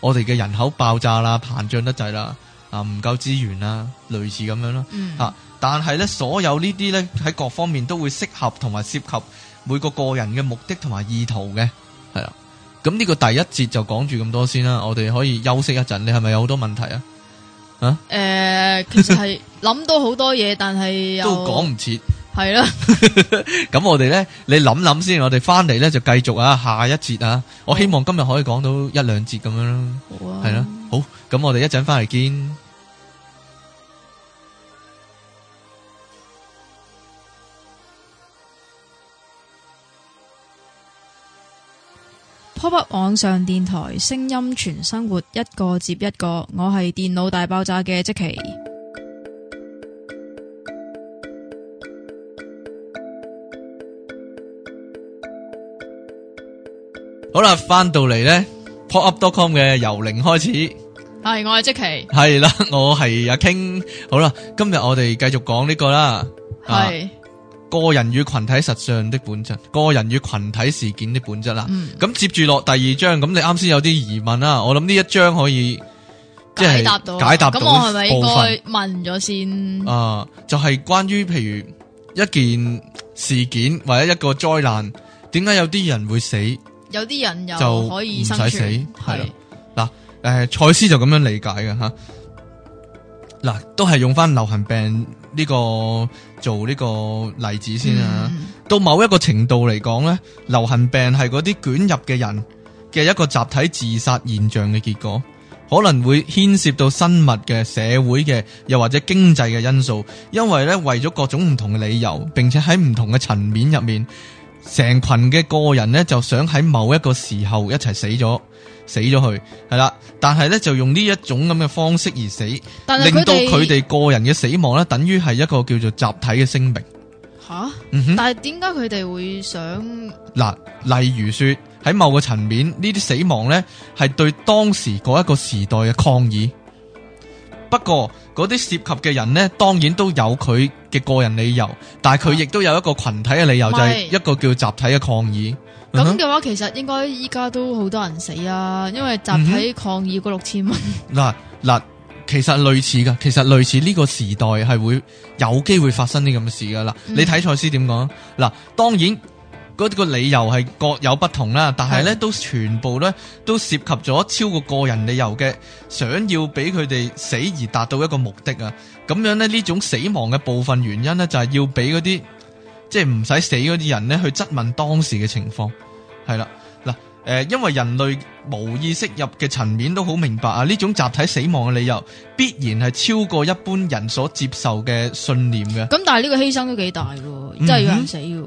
我哋嘅人口爆炸啦、膨脹得滯啦啊，唔夠資源啦，類似咁樣咯吓。嗯啊但係咧，所有呢啲咧喺各方面都會適合同埋涉及每個個人嘅目的同埋意圖嘅，係啦。咁呢個第一節就講住咁多先啦，我哋可以休息一陣。你係咪有好多問題啊？啊？誒，其實係諗到好多嘢，但係都講唔切，係啦。咁我哋咧，你諗諗先，我哋翻嚟咧就繼續啊下一節啊。我希望今日可以講到一兩節咁樣咯，係啦。好，咁我哋一陣翻嚟見。Pop Up 網上電台，聲音全生活，一個接一個。我係電腦大爆炸嘅即期。好啦，翻到嚟咧，popup.com 嘅由零開始。係，我係即期。係啦，我係阿傾。好啦，今日我哋繼續講呢個啦。係是。啊個人與群體實相的本質，個人與群體事件的本質啦。咁、嗯、接住落第二章，咁你啱先有啲疑問啦，我諗呢一章可以、即係、解答到。解答。咁我係咪應該問咗先？啊，就係、是、關於譬如一件事件或者一個災難，點解有啲人會死，有啲人又可以唔使死？係啦是，嗱，誒、蔡、呃、司就咁樣理解嘅吓。嗱，都係用翻流行病。呢、這個做呢個例子先啊。到某一個程度嚟講呢，流行病係嗰啲捲入嘅人嘅一個集體自殺現象嘅結果，可能會牽涉到生物嘅、社會嘅，又或者經濟嘅因素，因為呢，為咗各種唔同嘅理由，並且喺唔同嘅層面入面，成群嘅個人呢就想喺某一個時候一齊死咗。死咗佢，係啦，但係咧就用呢一種咁嘅方式而死，他們令到佢哋個人嘅死亡咧，等於係一個叫做集體嘅聲明。吓哈，嗯、哼但係點解佢哋會想？嗱，例如說，喺某個層面，呢啲死亡咧係對當時嗰一個時代嘅抗議。不過嗰啲涉及嘅人呢，當然都有佢嘅個人理由，但係佢亦都有一個群體嘅理由，是就係一個叫集體嘅抗議。咁嘅話，其實應該依家都好多人死啊，因為集體抗議嗰六千蚊。嗱嗱、嗯嗯嗯，其實類似噶，其實類似呢個時代係會有機會發生啲咁嘅事噶啦。嗯、你睇賽斯點講？嗱、嗯，當然嗰、那個理由係各有不同啦，但係咧、嗯、都全部咧都涉及咗超過個人理由嘅，想要俾佢哋死而達到一個目的啊。咁樣呢，呢種死亡嘅部分原因呢，就係、是、要俾嗰啲即係唔使死嗰啲人呢，去質問當時嘅情況。係啦，嗱，誒，因為人類無意識入嘅層面都好明白啊，呢種集體死亡嘅理由必然係超過一般人所接受嘅信念嘅。咁但係呢個犧牲都幾大喎，嗯哼，真係有人死嘅。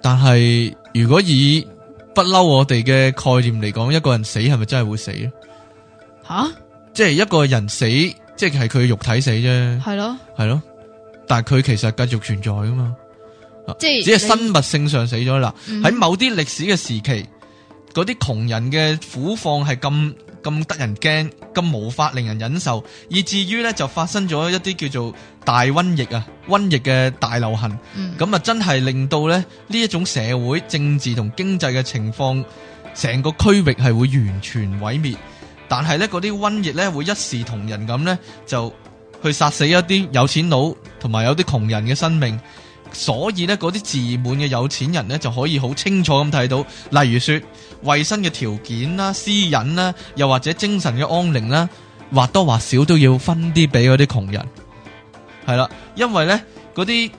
但係如果以不嬲我哋嘅概念嚟講，一個人死係咪真係會死咧？吓，即係一個人死，即係佢肉體死啫。係咯，係咯，但係佢其實繼續存在噶嘛。即係只係生物性上死咗啦。喺你某啲歷史嘅時期，嗰啲窮人嘅苦況係咁咁得人驚，咁無法令人忍受，以至於呢就發生咗一啲叫做大瘟疫啊，瘟疫嘅大流行。咁啊、嗯，那真係令到呢一種社會政治同經濟嘅情況，成個區域係會完全毀滅。但係呢嗰啲瘟疫呢，會一視同仁咁呢，就去殺死一啲有錢佬同埋有啲窮人嘅生命。所以咧，嗰啲自滿嘅有錢人咧，就可以好清楚咁睇到，例如說，衛生嘅條件啦、私隱啦，又或者精神嘅安寧啦，或多或少都要分啲俾嗰啲窮人，係啦，因為咧嗰啲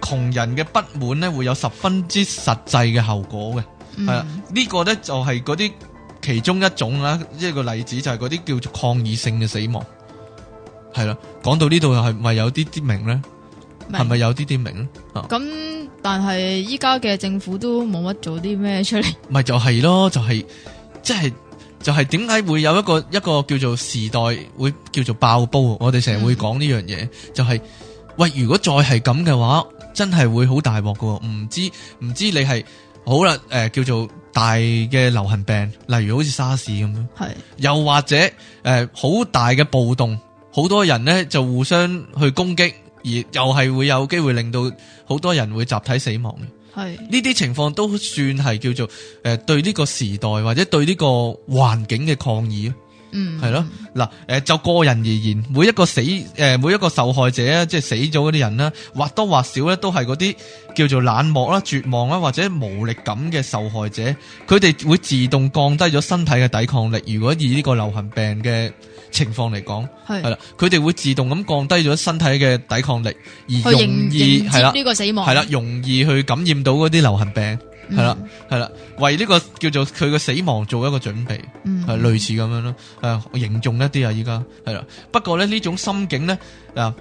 窮人嘅不滿咧，會有十分之實際嘅後果嘅，係啦，嗯，呢個咧就係嗰啲其中一種啦，一個例子就係嗰啲叫做抗議性嘅死亡，係啦，講到是是呢度係咪有啲啲明咧？係咪有啲啲明啊咁但係依家嘅政府都冇乜做啲咩出嚟。咪就係咯，就係即係就係點解會有一個一個叫做時代會叫做爆煲？我哋成日會講呢樣嘢，嗯、就係、是、喂，如果再係咁嘅話，真係會知知好大鑊噶。唔知唔知你係好啦，誒叫做大嘅流行病，例如好似沙士咁樣，係是又或者誒好、呃、大嘅暴動，好多人咧就互相去攻擊。而又係會有機會令到好多人會集體死亡嘅，係呢啲情況都算係叫做誒對呢個時代或者對呢個環境嘅抗議，嗯，係咯，嗱，誒就個人而言，每一個死誒每一個受害者啊，即係死咗嗰啲人啦，或多或少咧都係嗰啲叫做冷漠啦、絕望啦或者無力感嘅受害者，佢哋會自動降低咗身體嘅抵抗力。如果以呢個流行病嘅。情況嚟講，係啦是，佢哋會自動咁降低咗身體嘅抵抗力，而容易係啦呢個死亡，係啦容易去感染到嗰啲流行病，係啦係啦，為呢個叫做佢嘅死亡做一個準備，係、嗯、類似咁樣咯。誒，凝重一啲啊，依家係啦。不過咧呢種心境咧嗱，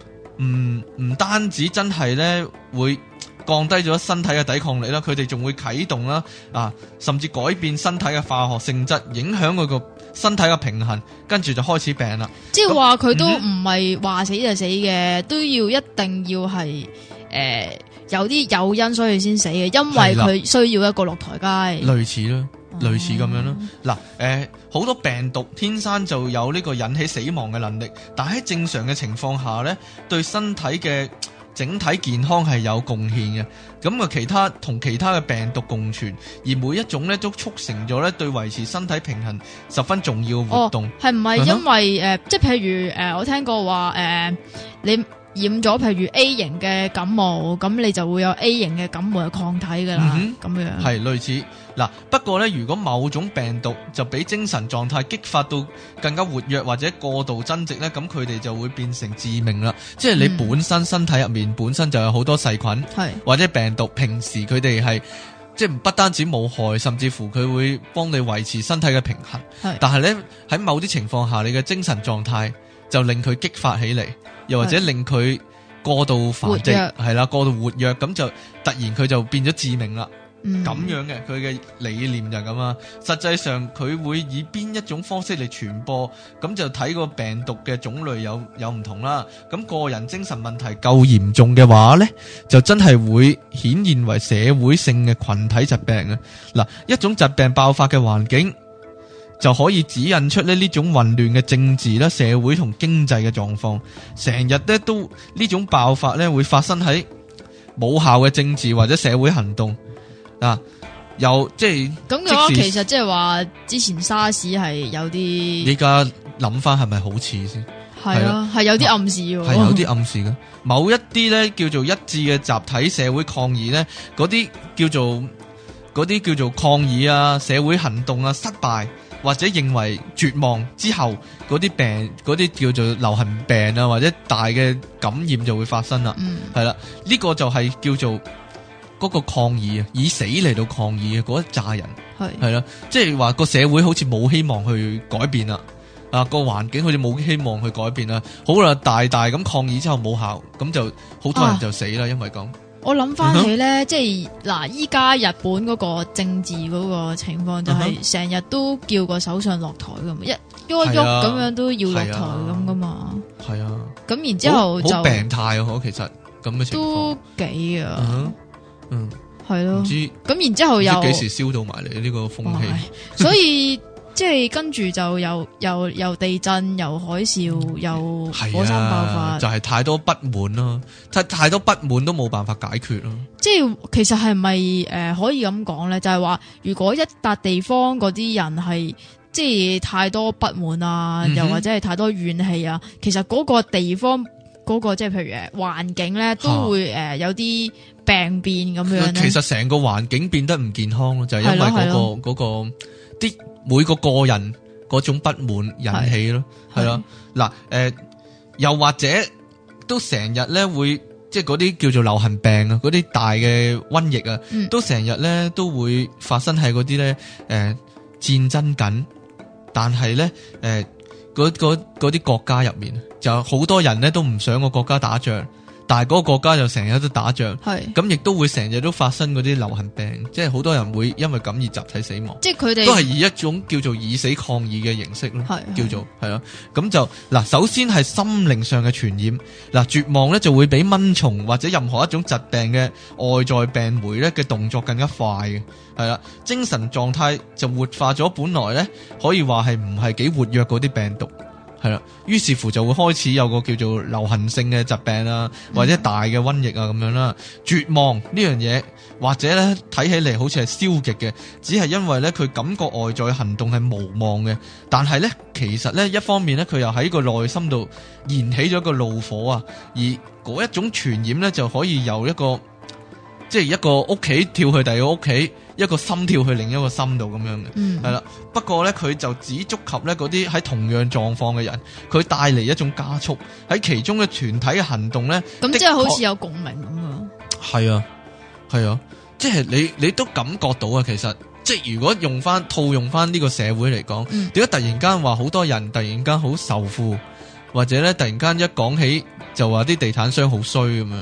唔唔單止真係咧會。降低咗身體嘅抵抗力啦，佢哋仲會啟動啦啊，甚至改變身體嘅化學性質，影響佢個身體嘅平衡，跟住就開始病啦。即係話佢都唔係話死就死嘅，嗯、都要一定要係誒、呃、有啲誘因所以先死嘅，因為佢需要一個落台階，的類似咯，嗯、類似咁樣咯。嗱、啊、誒，好、呃、多病毒天生就有呢個引起死亡嘅能力，但喺正常嘅情況下咧，對身體嘅整體健康係有貢獻嘅，咁啊其他同其他嘅病毒共存，而每一種咧都促成咗咧對維持身體平衡十分重要嘅活動。係唔係因為誒、uh huh. 呃，即係譬如誒、呃，我聽過話誒、呃，你染咗譬如 A 型嘅感冒，咁你就會有 A 型嘅感冒嘅抗體㗎啦，咁、mm hmm. 樣係類似。嗱，不過咧，如果某種病毒就俾精神狀態激發到更加活躍或者過度增殖，咧，咁佢哋就會變成致命啦。即係你本身、嗯、身體入面本身就有好多細菌，係或者病毒，是平時佢哋係即係不單止冇害，甚至乎佢會幫你維持身體嘅平衡。是但係咧喺某啲情況下，你嘅精神狀態就令佢激發起嚟，又或者令佢過度繁殖，係躍啦，過度活躍，咁就突然佢就變咗致命啦。咁樣嘅，佢嘅理念就咁啊。實際上佢會以邊一種方式嚟傳播，咁就睇個病毒嘅種類有有唔同啦。咁個人精神問題夠嚴重嘅話呢，就真係會顯現為社會性嘅群體疾病啊。嗱，一種疾病爆發嘅環境就可以指引出呢呢種混亂嘅政治啦、社會同經濟嘅狀況。成日咧都呢種爆發咧會發生喺冇效嘅政治或者社會行動。啊、有即係咁，我其實即係話之前沙士係係有啲，你而家諗翻係咪好似先？係咯、啊，係了有啲暗示喎。係有啲暗示嘅。哇某一啲咧叫做一致嘅集體社會抗議咧，嗰啲叫做嗰啲叫做抗議啊，社會行動啊失敗或者認為絕望之後嗰啲病嗰啲叫做流行病啊，或者大嘅感染就會發生啦。嗯，係啦，呢、呢個就係叫做。嗰個抗議啊，以死嚟到抗議嗰一紮人，係係啦，即係話個社會好似冇希望去改變啦，啊，個環境好似冇希望去改變啦，好啦，大大咁抗議之後冇效，咁就好多人就死啦，啊、因為咁。我諗翻起咧，嗯、哼即係嗱，依家日本嗰個政治嗰個情況，就係成日都叫個首相落台咁，嗯、哼一喐一喐咁樣都要落台咁噶、啊、嘛。係啊，咁、啊、然之後就好好病態啊，其實咁嘅情況都幾啊。嗯嗯，係咯的。咁然之後又，幾時燒到埋嚟呢個風氣？哇 [laughs] 所以即係、就是、跟住就又又又地震，又海嘯，又火山爆發，是就係、是、太多不滿咯！太太多不滿都冇辦法解決咯。即係、就是、其實係咪誒可以咁講咧？就係、是、話如果一笪地方嗰啲人係即係太多不滿啊，又或者係太多怨氣啊，嗯、哼其實嗰個地方嗰、那個即係譬如誒環境咧都會誒、呃、有啲。病變咁樣，其實成個環境變得唔健康咯，就係、係、因為、嗰個、嗰個啲、嗰個、每個個人嗰種不滿引起咯，係咯，嗱，誒、呃，又或者都成日咧會即係嗰啲叫做流行病啊，嗰啲大嘅瘟疫啊，嗯、都成日咧都會發生喺嗰啲咧，誒、呃，戰爭緊，但係咧，誒、呃，嗰啲國家入面，就好多人咧都唔想個國家打仗。但係嗰個國家就成日都打仗，咁亦都會成日都發生嗰啲流行病，即係好多人會因為咁而集體死亡，即係佢哋都係以一種叫做以死抗議嘅形式咯，係係叫做係咁就嗱，首先係心靈上嘅傳染，嗱，絕望咧就會比蚊蟲或者任何一種疾病嘅外在病媒咧嘅動作更加快嘅，係啦，精神狀態就活化咗本來咧可以話係唔係幾活躍嗰啲病毒。係啦，於是乎就會開始有個叫做流行性嘅疾病啦、啊，或者大嘅瘟疫啊咁樣啦。絕望呢樣嘢，或者咧睇起嚟好似係消極嘅，只係因為咧佢感覺外在行動係無望嘅，但係咧其實咧一方面咧佢又喺個內心度燃起咗個怒火啊，而嗰一種傳染咧就可以由一個即係、就是、一個屋企跳去第二個屋企。一個心跳去另一個心度咁樣嘅，係啦、嗯。不過咧，佢就只觸及咧嗰啲喺同樣狀況嘅人，佢帶嚟一種加速喺其中嘅團體嘅行動咧。咁、嗯、確即係好似有共鳴咁啊！係啊，係啊，即係你你都感覺到啊。其實即係如果用翻套用翻呢個社會嚟講，點解、嗯、突然間話好多人突然間好仇富，或者咧突然間一講起就話啲地產商好衰咁樣，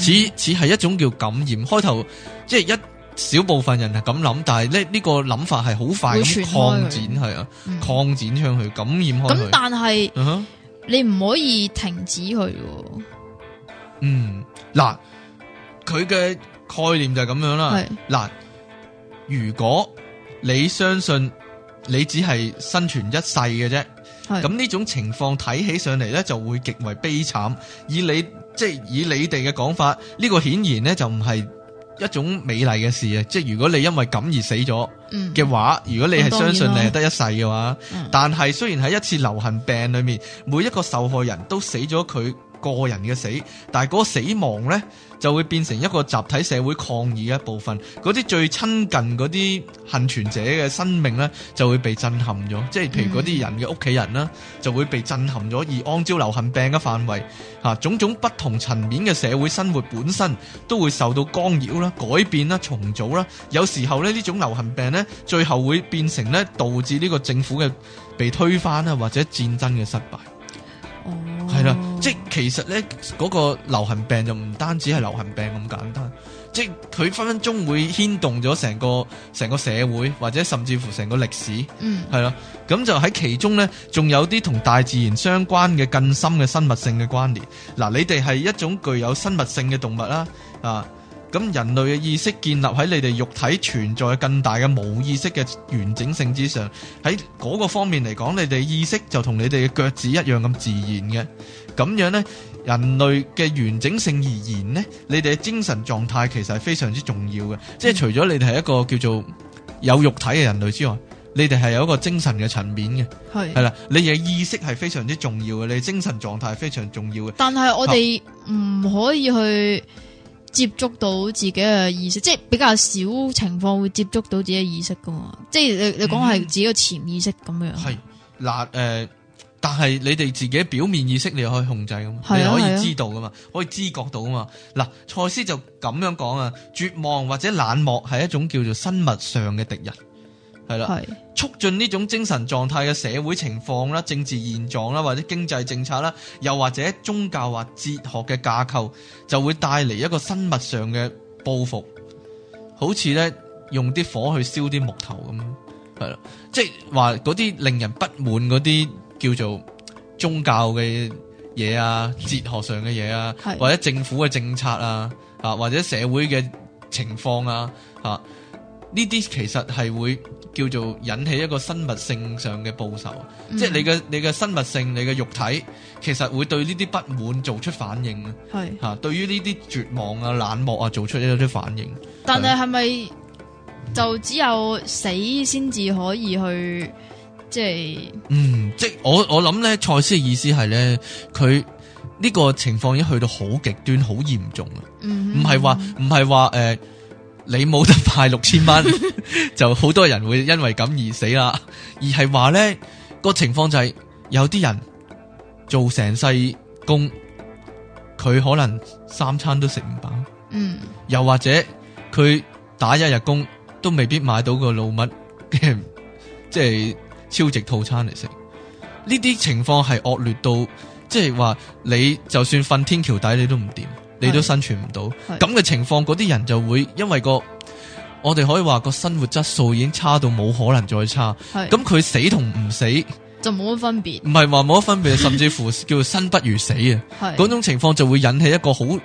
似似係一種叫感染。開頭即係一。小部分人係咁諗，但係呢呢個諗法係好快咁擴展，係啊，擴展上去、嗯、感染開。咁但係是、uh huh、你唔可以停止佢、哦。嗯，嗱，佢嘅概念就係咁樣啦。係嗱是，如果你相信你只係生存一世嘅啫，咁呢是種情況睇起上嚟咧，就會極為悲慘。以你即係、就是、以你哋嘅講法，呢個顯然咧就唔係。一種美麗嘅事啊！即係如果你因為咁而死咗嘅話，嗯、如果你係相信你係得一世嘅話，嗯、但係雖然喺一次流行病裏面，每一個受害人都死咗佢。個人嘅死，但係嗰個死亡呢，就會變成一個集體社會抗議嘅部分。嗰啲最親近嗰啲幸存者嘅生命呢，就會被震撼咗，即係譬如嗰啲人嘅屋企人啦，就會被震撼咗。而按照流行病嘅範圍，嚇、啊，種種不同層面嘅社會生活本身都會受到干擾啦、改變啦、重組啦。有時候呢呢種流行病呢，最後會變成呢導致呢個政府嘅被推翻啦，或者戰爭嘅失敗。係啦、哦，即係其實咧，嗰，那個流行病就唔單止係流行病咁簡單，即係佢分分鐘會牽動咗成個成個社會，或者甚至乎成個歷史，嗯，係啦，咁就喺其中咧，仲有啲同大自然相關嘅更深嘅生物性嘅關聯。嗱，你哋係一種具有生物性嘅動物啦，啊。咁人類嘅意識建立喺你哋肉體存在更大嘅無意識嘅完整性之上，喺嗰個方面嚟講，你哋意識就同你哋嘅腳趾一樣咁自然嘅。咁樣呢，人類嘅完整性而言呢，你哋嘅精神狀態其實係非常之重要嘅。即係、嗯、除咗你哋係一個叫做有肉體嘅人類之外，你哋係有一個精神嘅層面嘅。係係啦，你嘅意識係非常之重要嘅，你精神狀態非常重要嘅。但係我哋唔可以去。接觸到自己嘅意識，即係比較少情況會接觸到自己嘅意識㗎嘛，即係你你講係自己嘅潛意識咁、嗯、樣。係嗱誒，但係你哋自己表面意識，你又可以控制㗎嘛，啊、你又可以知道㗎嘛，啊、可以知覺到㗎嘛。嗱，賽斯就咁樣講啊，絕望或者冷漠係一種叫做生物上嘅敵人。係啦，促進呢種精神狀態嘅社會情況啦、政治現狀啦，或者經濟政策啦，又或者宗教或哲學嘅架構，就會帶嚟一個生物上嘅報復，好似咧用啲火去燒啲木頭咁樣，係啦，即係話嗰啲令人不滿嗰啲叫做宗教嘅嘢啊、嗯、哲學上嘅嘢啊，是啊，或者政府嘅政策啊，啊或者社會嘅情況啊，吓呢啲其實係會。叫做引起一個生物性上嘅報仇，mm hmm. 即係你嘅你嘅生物性，你嘅肉體其實會對呢啲不滿做出反應啊！係嚇是，對於呢啲絕望啊、冷漠啊，做出一啲反應。但係係咪就只有死先至可以去、mm hmm. 即係？嗯，即係我我諗咧，賽斯嘅意思係咧，佢呢個情況已經去到好極端、好嚴重啊！唔係話唔係話誒。你冇得派六千蚊， [laughs] [laughs] 就好多人會因為咁而死啦。 [laughs] 而係話咧，個情況就係、是、有啲人做成世工，佢可能三餐都食唔飽。嗯，又或者佢打一日工都未必買到個老麥，即係超值套餐嚟食。呢啲情況係惡劣到，即係話你就算瞓天橋底，你都唔掂。你都生存唔到咁嘅情況，嗰啲人就會因為個，我哋可以話個生活質素已經差到冇可能再差。咁佢是死同唔死就冇乜分別。唔係話冇乜分別， [laughs] 甚至乎叫做生不如死啊！嗰是種情況就會引起一個好集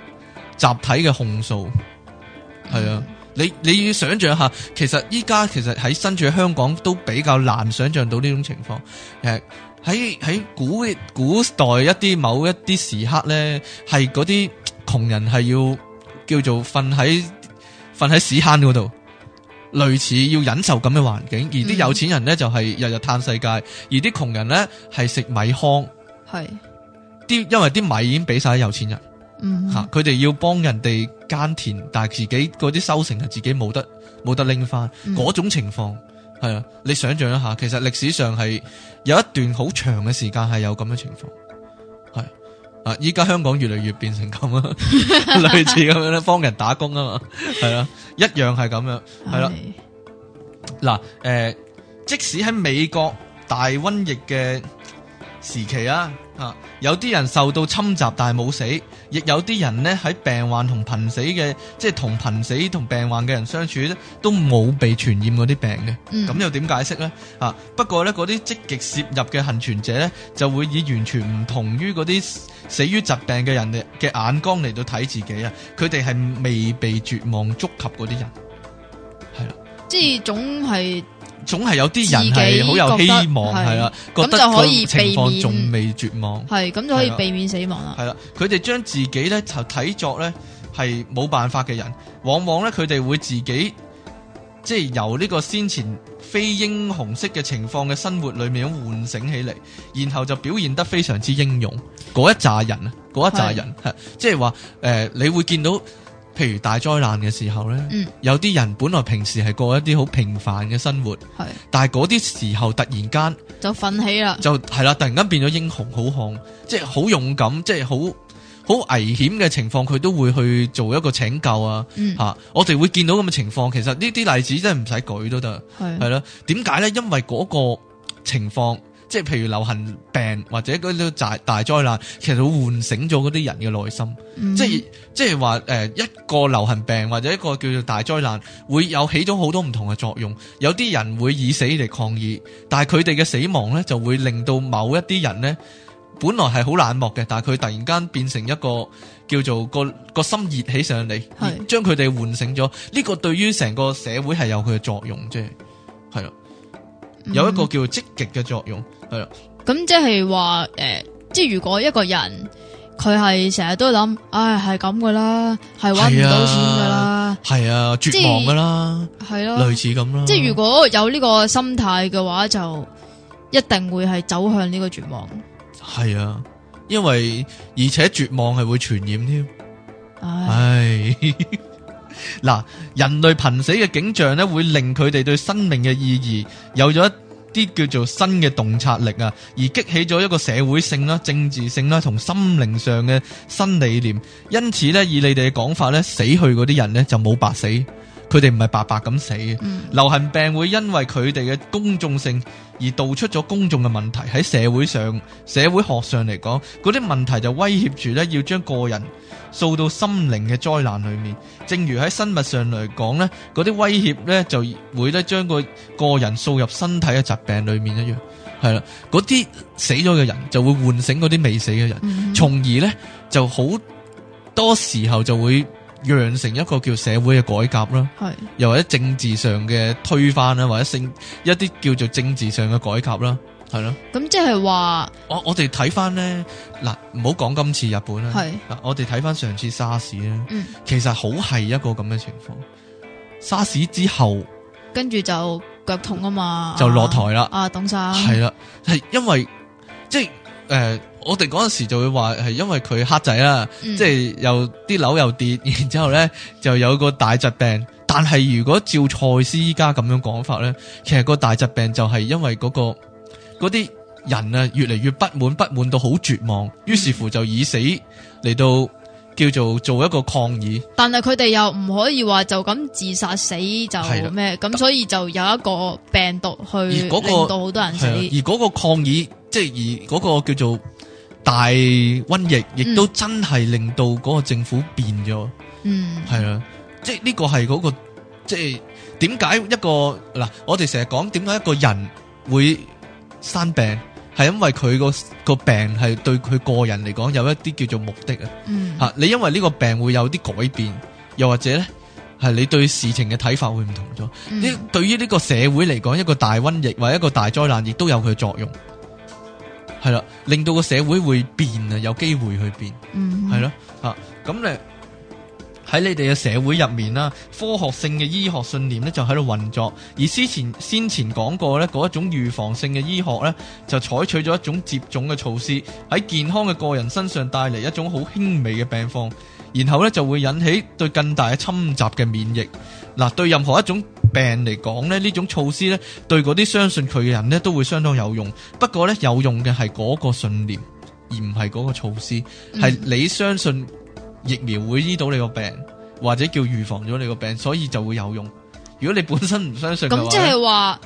體嘅控訴。係啊，嗯、你你要想象下，其實依家其實喺身處香港都比較難想象到呢種情況。誒，喺喺古古代一啲某一啲時刻咧，係嗰啲。窮人係要叫做瞓喺瞓喺屎坑嗰度，類似要忍受咁嘅環境；而啲有錢人咧就係日日嘆世界，嗯、哼而啲窮人咧係食米糠，係啲是因為啲米已經俾晒啲有錢人，吓佢哋要幫人哋耕田，但係自己嗰啲收成係自己冇得冇得拎翻，嗰、嗯、哼種情況係啊！你想象一下，其實歷史上係有一段好長嘅時間係有咁嘅情況。啊！依家香港越嚟越變成咁啊， [laughs] 類似咁樣咧，幫 [laughs] 人打工啊嘛，係 [laughs] 啊， [laughs] 一樣係咁樣，係啦、 [laughs] 啊。嗱，誒，即使喺美國大瘟疫嘅時期啊。啊！有啲人受到侵襲但係冇死，亦有啲人咧喺病患同瀕死嘅，即係同瀕死同病患嘅人相處，都冇被傳染嗰啲病嘅。咁、嗯、又點解釋呢？啊！不過呢，嗰啲積極攝入嘅幸存者呢，就會以完全唔同於嗰啲死於疾病嘅人嘅眼光嚟到睇自己啊！佢哋係未被絕望觸及嗰啲人，係啦，即係總係。總係有啲人係好有希望，係啦，咁就可以避免仲未絕望，係咁的的就可以避免死亡啦。係啦，佢哋將自己咧就睇作咧係冇辦法嘅人，往往咧佢哋會自己即係由呢個先前非英雄式嘅情況嘅生活裏面喚醒起嚟，然後就表現得非常之英勇。嗰一扎人啊，嗰一紮人吓的，即係話誒，你會見到，譬如大災難嘅時候呢，嗯、有啲人本來平時係過一啲好平凡嘅生活，係是，但係嗰啲時候突然間就奮起啦，就係啦，突然間變咗英雄好漢，即係好勇敢，即係好好危險嘅情況，佢都會去做一個拯救、嗯、啊，吓，我哋會見到咁嘅情況。其實呢啲例子真係唔使舉都得，係咯是？點解呢？因為嗰個情況。即係譬如流行病或者啲大大災難，其實會喚醒咗嗰啲人嘅內心。即係即係話誒，一個流行病或者一個叫做大災難，會有起咗好多唔同嘅作用。有啲人會以死嚟抗議，但係佢哋嘅死亡呢，就會令到某一啲人呢，本來係好冷漠嘅，但係佢突然間變成一個叫做個個心熱起上嚟，將佢哋喚醒咗。呢個對於成個社會係有佢嘅作用，即係係啦，有一個叫積極嘅作用。係啦，咁、啊、即係話誒，即係如果一個人佢係成日都諗，唉，係咁噶啦，係搵唔到錢噶啦，係啊，啊，絕望噶啦，係咯，啊、類似咁啦。即係如果有呢個心態嘅話，就一定會係走向呢個絕望。係啊，因為而且絕望係會傳染添。唉，嗱唉， [laughs] 人類瀕死嘅景象咧，會令佢哋對生命嘅意義有咗啲叫做新嘅洞察力啊，而激起咗一個社會性啦、政治性啦同心靈上嘅新理念，因此咧，以你哋嘅講法咧，死去嗰啲人咧，就冇白死。佢哋唔係白白咁死嘅。嗯、流行病會因為佢哋嘅公眾性而道出咗公眾嘅問題，喺社會上、社會學上嚟講，嗰啲問題就威脅住咧，要將個人掃到心靈嘅災難裏面。正如喺生物上嚟講咧，嗰啲威脅咧就會咧將個個人掃入身體嘅疾病裏面一樣。係啦，嗰啲死咗嘅人就會喚醒嗰啲未死嘅人，從、嗯、而咧就好多時候就會。養成一個叫社會嘅改革啦，係是又或者政治上嘅推翻啦，或者政一啲叫做政治上嘅改革啦，係咯。咁即係話，我我哋睇翻咧，嗱唔好講今次日本啦，係是我哋睇翻上次沙士咧，其實好係一個咁嘅情況。沙士之後，跟住就腳痛啊嘛，就落台啦，啊。啊，董生係啦，係因為即誒。呃我哋嗰陣時就會話係因為佢黑仔啦，即係又啲樓又跌，然之後咧就有個大疾病。但係如果照賽斯依家咁樣講法咧，其實個大疾病就係因為嗰個嗰啲人啊越嚟越不滿，不滿到好絕望，於是乎就以死嚟到叫做做一個抗議。但係佢哋又唔可以話就咁自殺死就咩？咁的所以就有一個病毒去、嗰個、令到好多人死。而嗰個抗議即係而嗰個叫做。大瘟疫亦都真係令到嗰個政府變咗，係啊，即係呢個係嗰個，即係點解一個嗱，我哋成日講點解一個人會生病，係因為佢個個病係對佢個人嚟講有一啲叫做目的啊，吓你因為呢個病會有啲改變，又或者呢係你對事情嘅睇法，會唔同咗。呢對於呢個社會嚟講，一個大瘟疫或者一個大災難，亦都有佢作用。係啦，令到個社會會變啊，有機會去變，係咯吓，咁咧喺你哋嘅社會入面啦，科學性嘅醫學信念呢就喺度運作，而先前先前講過呢嗰一種預防性嘅醫學呢就採取咗一種接種嘅措施，喺健康嘅個人身上帶嚟一種好輕微嘅病況，然後呢就會引起對更大嘅侵襲嘅免疫，嗱，啊，對任何一種。病嚟講咧，呢種措施咧，對嗰啲相信佢嘅人咧，都會相當有用。不過咧，有用嘅係嗰個信念，而唔係嗰個措施。係你相信疫苗會醫到你個病，或者叫預防咗你個病，所以就會有用。如果你本身唔相信，咁即係話，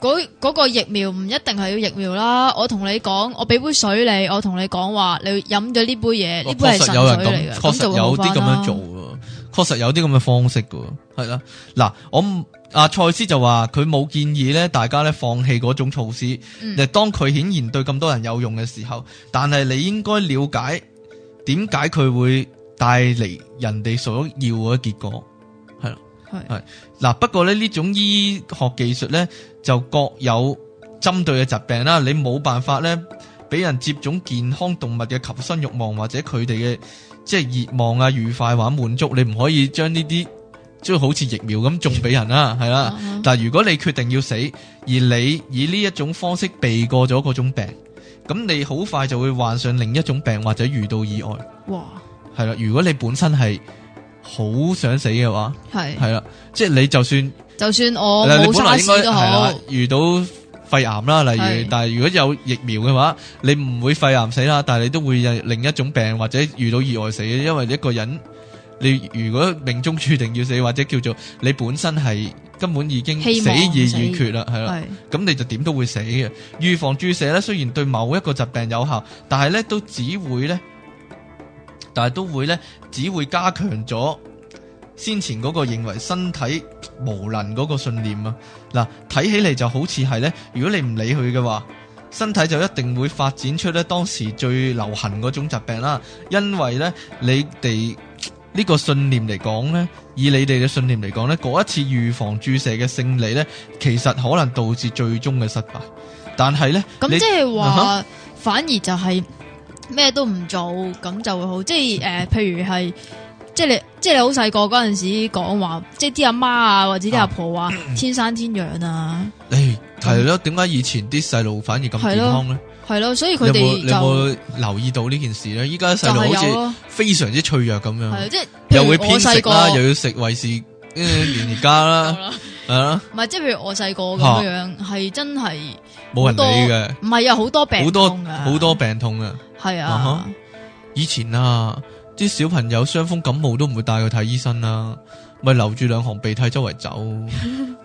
嗰嗰個疫苗唔一定係要疫苗啦。我同你講，我俾杯水你，我同你講話，你飲咗呢杯嘢，呢杯係神水嚟噶。確實有啲咁樣做。確實有啲咁嘅方式㗎，係啦。嗱的、啊，我阿蔡、啊、斯就話佢冇建議咧，大家咧放棄嗰種措施。其、嗯、當佢顯然對咁多人有用嘅時候，但係你應該了解點解佢會帶嚟人哋所要嘅結果。係啦的，係嗱的、啊。不過咧，呢種醫學技術咧就各有針對嘅疾病啦。你冇辦法咧俾人接種健康動物嘅求生欲望或者佢哋嘅。即係熱望啊、愉快玩、滿足，你唔可以將呢啲即係好似疫苗咁種俾人啦、啊，係啦、 [laughs] 啊。但如果你決定要死，而你以呢一種方式避過咗嗰種病，咁你好快就會患上另一種病或者遇到意外。哇！係啦、啊，如果你本身係好想死嘅話，係係啦，即係、啊就是、你就算就算我你本來應該阿屎都好，啊、遇到。肺癌啦，例如是，但係如果有疫苗嘅話，你唔會肺癌死啦，但係你都會有另一種病或者遇到意外死嘅，因為一個人你如果命中注定要死，或者叫做你本身係根本已經死而欲決啦，係啦，咁的的你就點都會死嘅。預防注射咧，雖然對某一個疾病有效，但係咧都只會咧，但係都會咧，只會加強咗先前嗰個認為身體。無能嗰個信念啊！嗱，睇起嚟就好似係咧，如果你唔理佢嘅話，身體就一定會發展出咧當時最流行嗰種疾病啦。因為咧，你哋呢個信念嚟講咧，以你哋嘅信念嚟講咧，嗰一次預防注射嘅勝利咧，其實可能導致最終嘅失敗。但係咧，咁即係話，uh huh. 反而就係咩都唔做，咁就會好。即係誒，譬如係。即係你，即係你好細個嗰陣時講話，即係啲阿媽啊，或者啲阿婆話天生天養啊。誒，係咯，點解以前啲細路反而咁健康咧？係咯，所以佢哋你有冇留意到呢件事咧？依家細路好似非常之脆弱咁樣，即係又會偏食啦，又要食維士連而家啦，係啦。唔係，即係譬如我細個咁樣，係真係冇人理嘅，唔係有好多病，好多好多病痛啊，係啊，以前啊。啲小朋友傷風感冒都唔會帶佢睇醫生啦、啊，咪留住兩行鼻涕周圍走，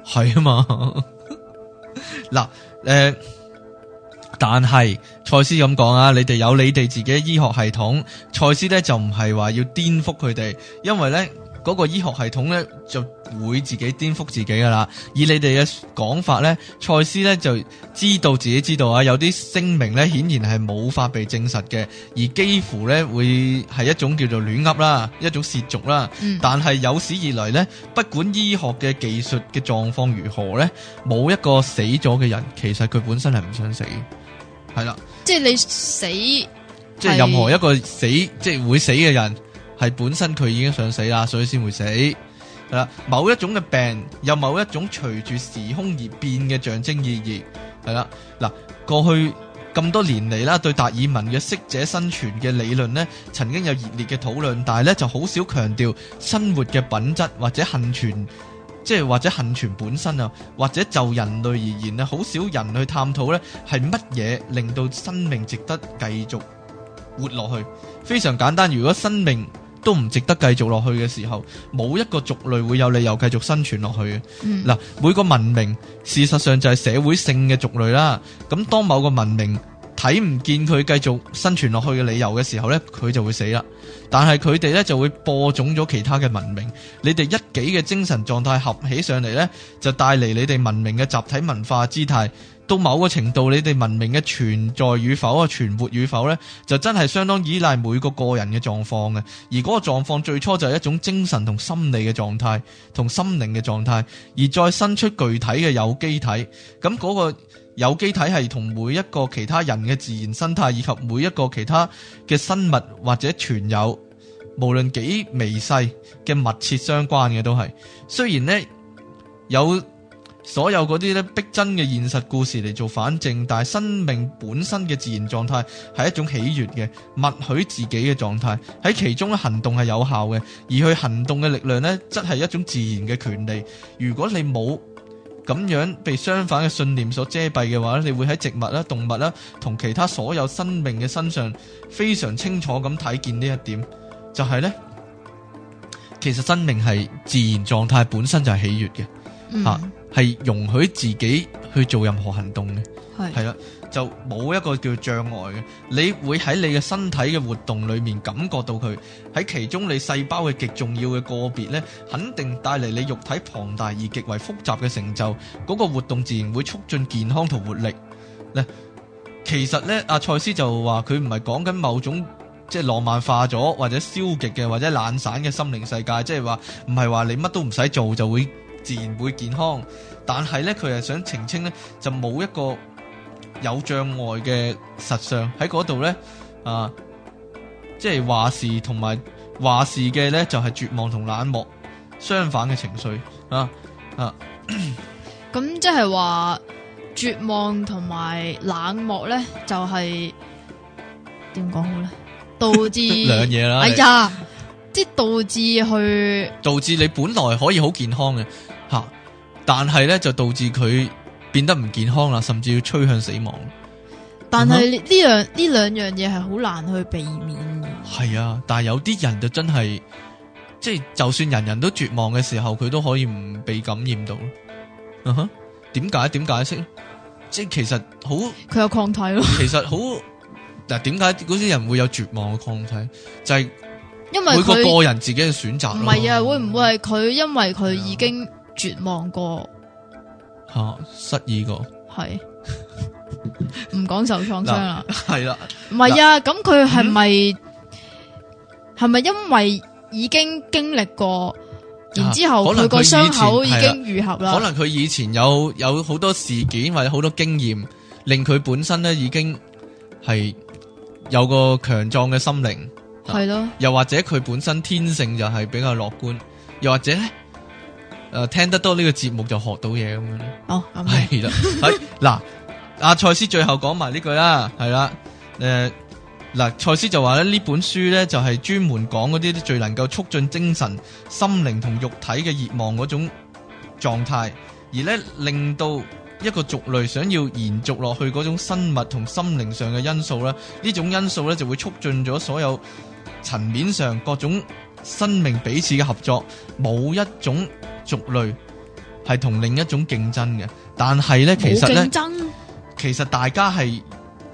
係啊嘛。嗱， [laughs] 誒、呃，但係賽斯咁講啊，你哋有你哋自己嘅醫學系統，賽斯咧就唔係話要顛覆佢哋，因為咧嗰、那個醫學系統咧就。會自己顛覆自己噶啦，以你哋嘅講法呢，賽斯呢就知道自己知道啊，有啲聲明呢，顯然係冇法被證實嘅，而幾乎呢會係一種叫做亂噏啦，一種褻瀆。啦。嗯、但係有史以來呢，不管醫學嘅技術嘅狀況如何呢，冇一個死咗嘅人，其實佢本身係唔想死，係啦。即係你死，即係任何一個死，即係會死嘅人，係本身佢已經想死啦，所以先會死。係啦，某一種嘅病有某一種隨住時空而變嘅象徵意義，係啦。嗱，過去咁多年嚟啦，對達爾文嘅適者生存嘅理論呢，曾經有熱烈嘅討論，但係呢就好少強調生活嘅品質或者幸存，即係或者幸存本身啊，或者就人類而言啊，好少人去探討呢係乜嘢令到生命值得繼續活落去。非常簡單，如果生命都唔值得繼續落去嘅時候，冇一個族類會有理由繼續生存落去嘅。嗯、嗱，每個文明事實上就係社會性嘅族類啦。咁當某個文明睇唔見佢繼續生存落去嘅理由嘅時候呢，佢就會死啦。但係佢哋呢就會播種咗其他嘅文明。你哋一己嘅精神狀態合起上嚟呢，就帶嚟你哋文明嘅集體文化姿態。到某個程度，你哋文明嘅存在與否啊，存活與否呢就真係相當依賴每個個人嘅狀況嘅。而嗰個狀況最初就係一種精神同心理嘅狀態，同心靈嘅狀態，而再生出具體嘅有機體。咁嗰個有機體係同每一個其他人嘅自然生態，以及每一個其他嘅生物或者存有，無論幾微細嘅密切相關嘅都係。雖然呢有，所有嗰啲咧逼真嘅現實故事嚟做反證，但係生命本身嘅自然狀態係一種喜悅嘅，默許自己嘅狀態喺其中行動係有效嘅，而佢行動嘅力量呢，則係一種自然嘅權利。如果你冇咁樣被相反嘅信念所遮蔽嘅話，你會喺植物啦、動物啦同其他所有生命嘅身上非常清楚咁睇見呢一點，就係呢。其實生命係自然狀態本身就係喜悅嘅。吓，係、嗯、容許自己去做任何行動嘅，係啦是，就冇一個叫障礙嘅。你會喺你嘅身體嘅活動裏面感覺到佢喺其中你細胞嘅極重要嘅個別咧，肯定帶嚟你肉體龐大而極為複雜嘅成就。嗰、那個活動自然會促進健康同活力。其實咧，阿蔡斯就話佢唔係講緊某種即係、就是、浪漫化咗或者消極嘅或者懶散嘅心靈世界，即係話唔係話你乜都唔使做就會。自然會健康，但係咧佢係想澄清咧，就冇一個有障礙嘅實相喺嗰度咧啊，即係話事同埋話事嘅咧就係、是、絕望同冷漠相反嘅情緒啊啊，咁即係話絕望同埋冷漠咧就係點講好咧？導致兩嘢啦，哎呀！啲導致去導致你本來可以好健康嘅吓、啊，但係咧就導致佢變得唔健康啦，甚至要趨向死亡。但係呢、嗯、哼樣呢兩樣嘢係好難去避免嘅。係啊，但係有啲人就真係即係，就是、就算人人都絕望嘅時候，佢都可以唔被感染到。嗯哼，點解？點解釋咧？即係其實好，佢有抗體咯。其實好嗱，點解嗰啲人會有絕望嘅抗體？就係、是。因為每個個人自己嘅選擇。唔係啊，會唔會係佢因為佢已經絕望過，吓、啊、失意過，係唔講受創傷啦。係啦，唔係啊，咁佢係咪係咪因為已經經歷過，啊、然之後佢個傷口已經愈合啦、啊？可能佢以,以前有有好多事件或者好多經驗，令佢本身咧已經係有個強壯嘅心靈。係咯，是又或者佢本身天性就係比較樂觀，又或者咧，誒、呃、聽得多呢個節目就學到嘢咁樣。哦，係啦，係、啊、嗱，阿賽斯最後講埋呢句啦，係、呃、啦，誒嗱，賽斯就話咧呢本書咧就係、是、專門講嗰啲最能夠促進精神、心靈同肉體嘅熱望嗰種狀態，而咧令到一個族類想要延續落去嗰種生物同心靈上嘅因素咧，呢種因素咧就會促進咗所有。層面上各種生命彼此嘅合作，冇一種族類係同另一種競爭嘅。但係呢，呢，其實呢，其實大家係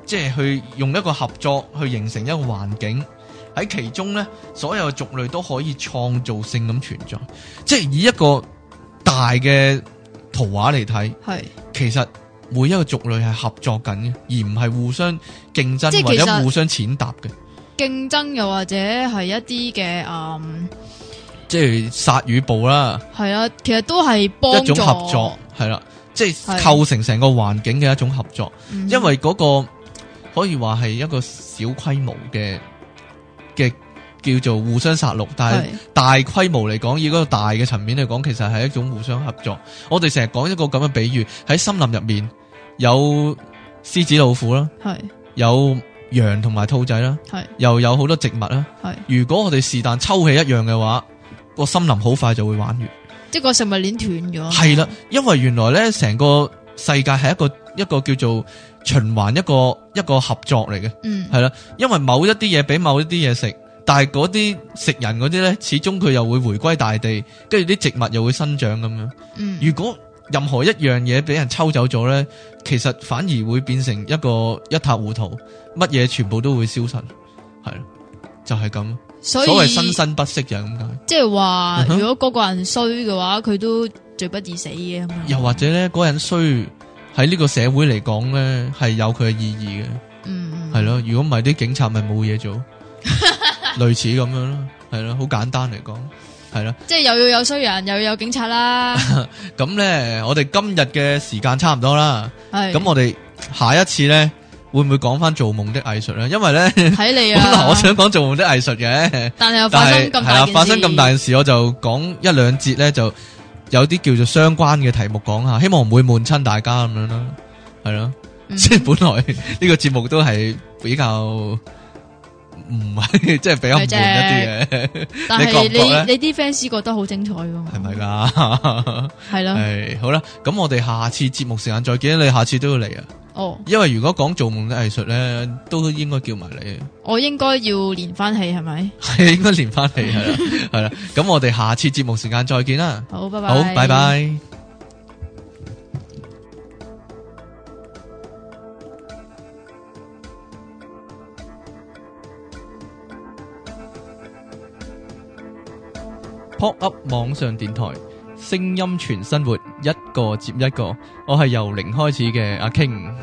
即係去用一個合作去形成一個環境，喺其中呢，所有的族類都可以創造性咁存在。即係以一個大嘅圖畫嚟睇，係，是，其實每一個族類係合作緊嘅，而唔係互相競爭或者互相踐踏嘅。競爭又或者係一啲嘅，嗯，即係殺與捕啦，係啊，其實都係一種合作，係啦、啊，即、就、係、是、構成成個環境嘅一種合作，是因為嗰個可以話係一個小規模嘅嘅叫做互相殺戮，但係大規模嚟講，以嗰個大嘅層面嚟講，其實係一種互相合作。我哋成日講一個咁嘅比喻，喺森林入面有獅子、老虎啦，係是有。羊同埋兔仔啦，是又有好多植物啦。是如果我哋是但抽起一樣嘅話，個森林好快就會玩完，即係個食物鏈斷咗。係啦，因為原來咧成個世界係一個一個叫做循環，一個一個合作嚟嘅。嗯，係啦，因為某一啲嘢俾某一啲嘢食，但係嗰啲食人嗰啲咧，始終佢又會回歸大地，跟住啲植物又會生長咁樣。嗯，如果。任何一樣嘢俾人抽走咗咧，其實反而會變成一個一塌糊塗，乜嘢全部都會消失，係咯，就係、是、咁。所以所謂生生不息就係咁解，即係話如果嗰個人衰嘅話，佢都罪不至死嘅。嗯、又或者咧，嗰人衰喺呢個社會嚟講咧，係有佢嘅意義嘅。嗯，係咯，如果唔係啲警察咪冇嘢做， [laughs] 類似咁樣咯，係咯，好簡單嚟講。係咯，即係又要有衰人，又要有警察啦。咁咧，我哋今日嘅時間差唔多啦。係，咁我哋下一次咧，會唔會講翻做夢的藝術咧？因為咧，睇你啊，本來我想講做夢的藝術嘅。但係又發生咁大件事，係啊，發生咁大件事，我就講一兩節咧，就有啲叫做相關嘅題目講下，希望唔會悶親大家咁樣啦。係咯，即係本來呢個節目都係比較。唔係， [laughs] 即係比較悶一啲嘅是。但係 [laughs] 你覺覺你啲 fans 覺得好精彩噶，係咪噶？係 [laughs] 咯啦。係好啦，咁我哋下次節目時間再見，你下次都要嚟啊。哦。因為如果講做夢嘅藝術咧，都應該叫埋你。我應該要連翻戲，係咪？係 [laughs] 應該連翻戲，係啦，係 [laughs] 啦。咁我哋下次節目時間再見啦。好，拜拜。好，拜拜。Pop Up 網上電台，聲音全生活，一個接一個。我係由零開始嘅阿 King。